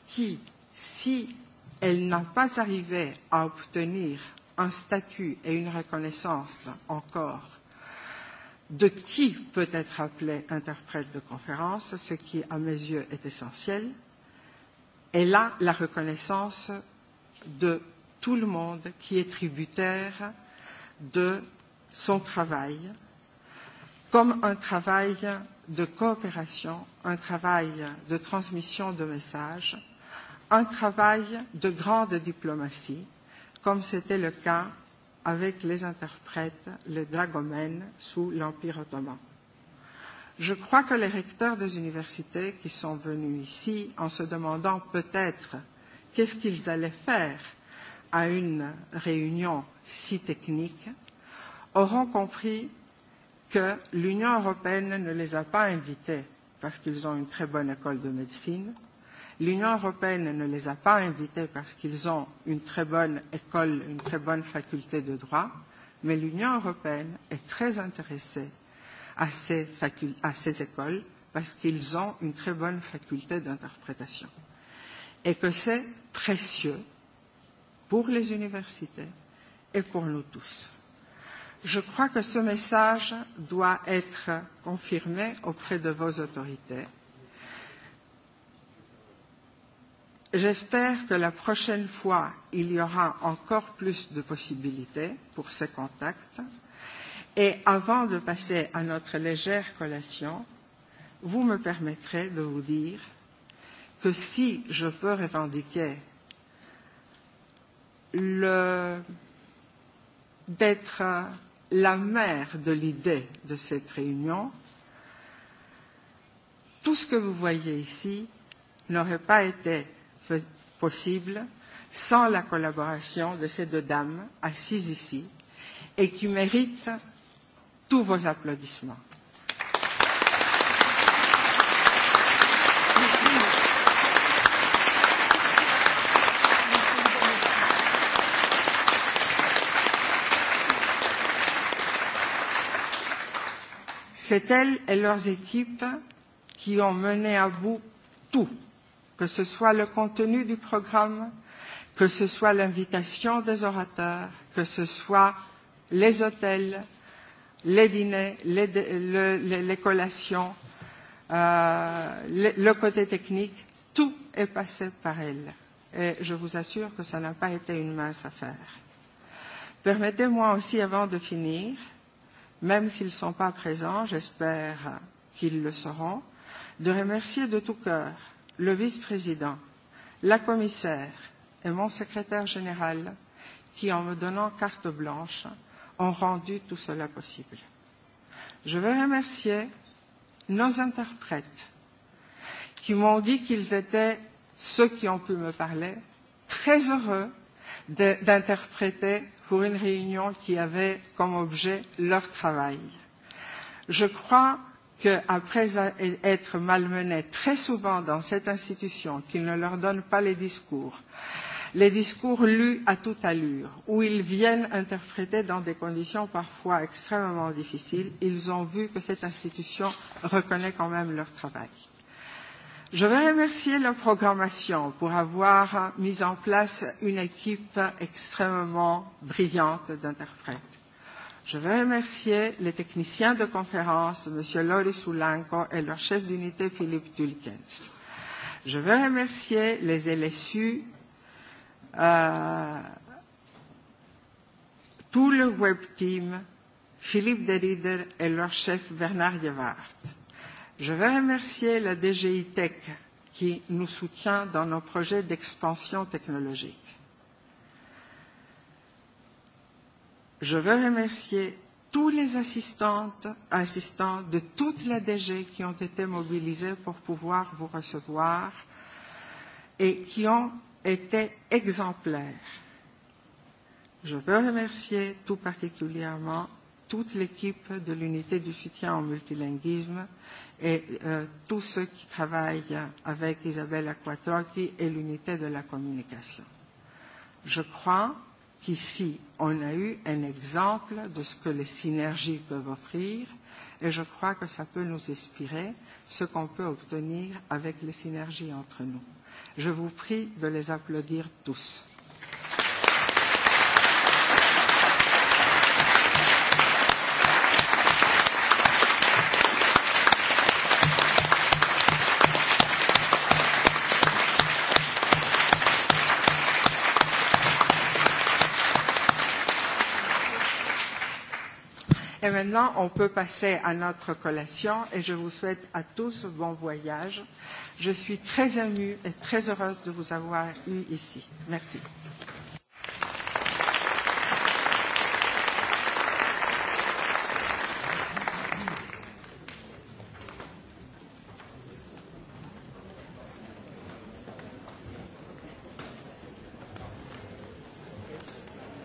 qui, si elle n'a pas arrivé à obtenir un statut et une reconnaissance encore de qui peut être appelé interprète de conférence, ce qui, à mes yeux, est essentiel, et là, la reconnaissance de tout le monde qui est tributaire de son travail comme un travail de coopération, un travail de transmission de messages, un travail de grande diplomatie, comme c'était le cas avec les interprètes, les dragomènes sous l'Empire ottoman. Je crois que les recteurs des universités qui sont venus ici en se demandant peut-être qu'est-ce qu'ils allaient faire à une réunion si technique auront compris que l'Union européenne ne les a pas invités parce qu'ils ont une très bonne école de médecine. L'Union européenne ne les a pas invités parce qu'ils ont une très bonne école, une très bonne faculté de droit, mais l'Union européenne est très intéressée à ces, facul à ces écoles parce qu'ils ont une très bonne faculté d'interprétation et que c'est précieux pour les universités et pour nous tous. Je crois que ce message doit être confirmé auprès de vos autorités. J'espère que la prochaine fois, il y aura encore plus de possibilités pour ces contacts. Et avant de passer à notre légère collation, vous me permettrez de vous dire que si je peux revendiquer le d'être la mère de l'idée de cette réunion, tout ce que vous voyez ici n'aurait pas été possible sans la collaboration de ces deux dames assises ici et qui méritent tous vos applaudissements. C'est elles et leurs équipes qui ont mené à bout tout, que ce soit le contenu du programme, que ce soit l'invitation des orateurs, que ce soit les hôtels, les dîners, les, le, les, les collations, euh, le, le côté technique, tout est passé par elles. Et je vous assure que ça n'a pas été une mince affaire. Permettez-moi aussi, avant de finir, euh, même s'ils ne sont pas présents, j'espère qu'ils le seront, de remercier de tout cœur le vice-président, la commissaire et mon secrétaire général qui, en me donnant carte blanche, ont rendu tout cela possible. Je veux remercier nos interprètes qui m'ont dit qu'ils étaient, ceux qui ont pu me parler, très heureux d'interpréter pour une réunion qui avait comme objet leur travail. Je crois qu'après être malmenés très souvent dans cette institution, qu'ils ne leur donnent pas les discours, les discours lus à toute allure, où ils viennent interpréter dans des conditions parfois extrêmement difficiles, ils ont vu que cette institution reconnaît quand même leur travail. Je veux remercier la programmation pour avoir mis en place une équipe extrêmement brillante d'interprètes. Je veux remercier les techniciens de conférence, M. Loris Soulanko et leur chef d'unité, Philippe Tulkens. Je veux remercier les LSU, euh, tout le web team, Philippe Derider et leur chef Bernard Yevard. Je veux remercier la DGI Tech qui nous soutient dans nos projets d'expansion technologique. Je veux remercier tous les assistantes, assistants de toute la DG qui ont été mobilisés pour pouvoir vous recevoir et qui ont été exemplaires. Je veux remercier tout particulièrement toute l'équipe de l'unité du soutien au multilinguisme et euh, tous ceux qui travaillent avec Isabelle Aquatrocchi et l'unité de la communication. Je crois qu'ici, on a eu un exemple de ce que les synergies peuvent offrir et je crois que ça peut nous inspirer ce qu'on peut obtenir avec les synergies entre nous. Je vous prie de les applaudir tous. maintenant, on peut passer à notre collation et je vous souhaite à tous bon voyage. Je suis très émue et très heureuse de vous avoir eu ici. Merci.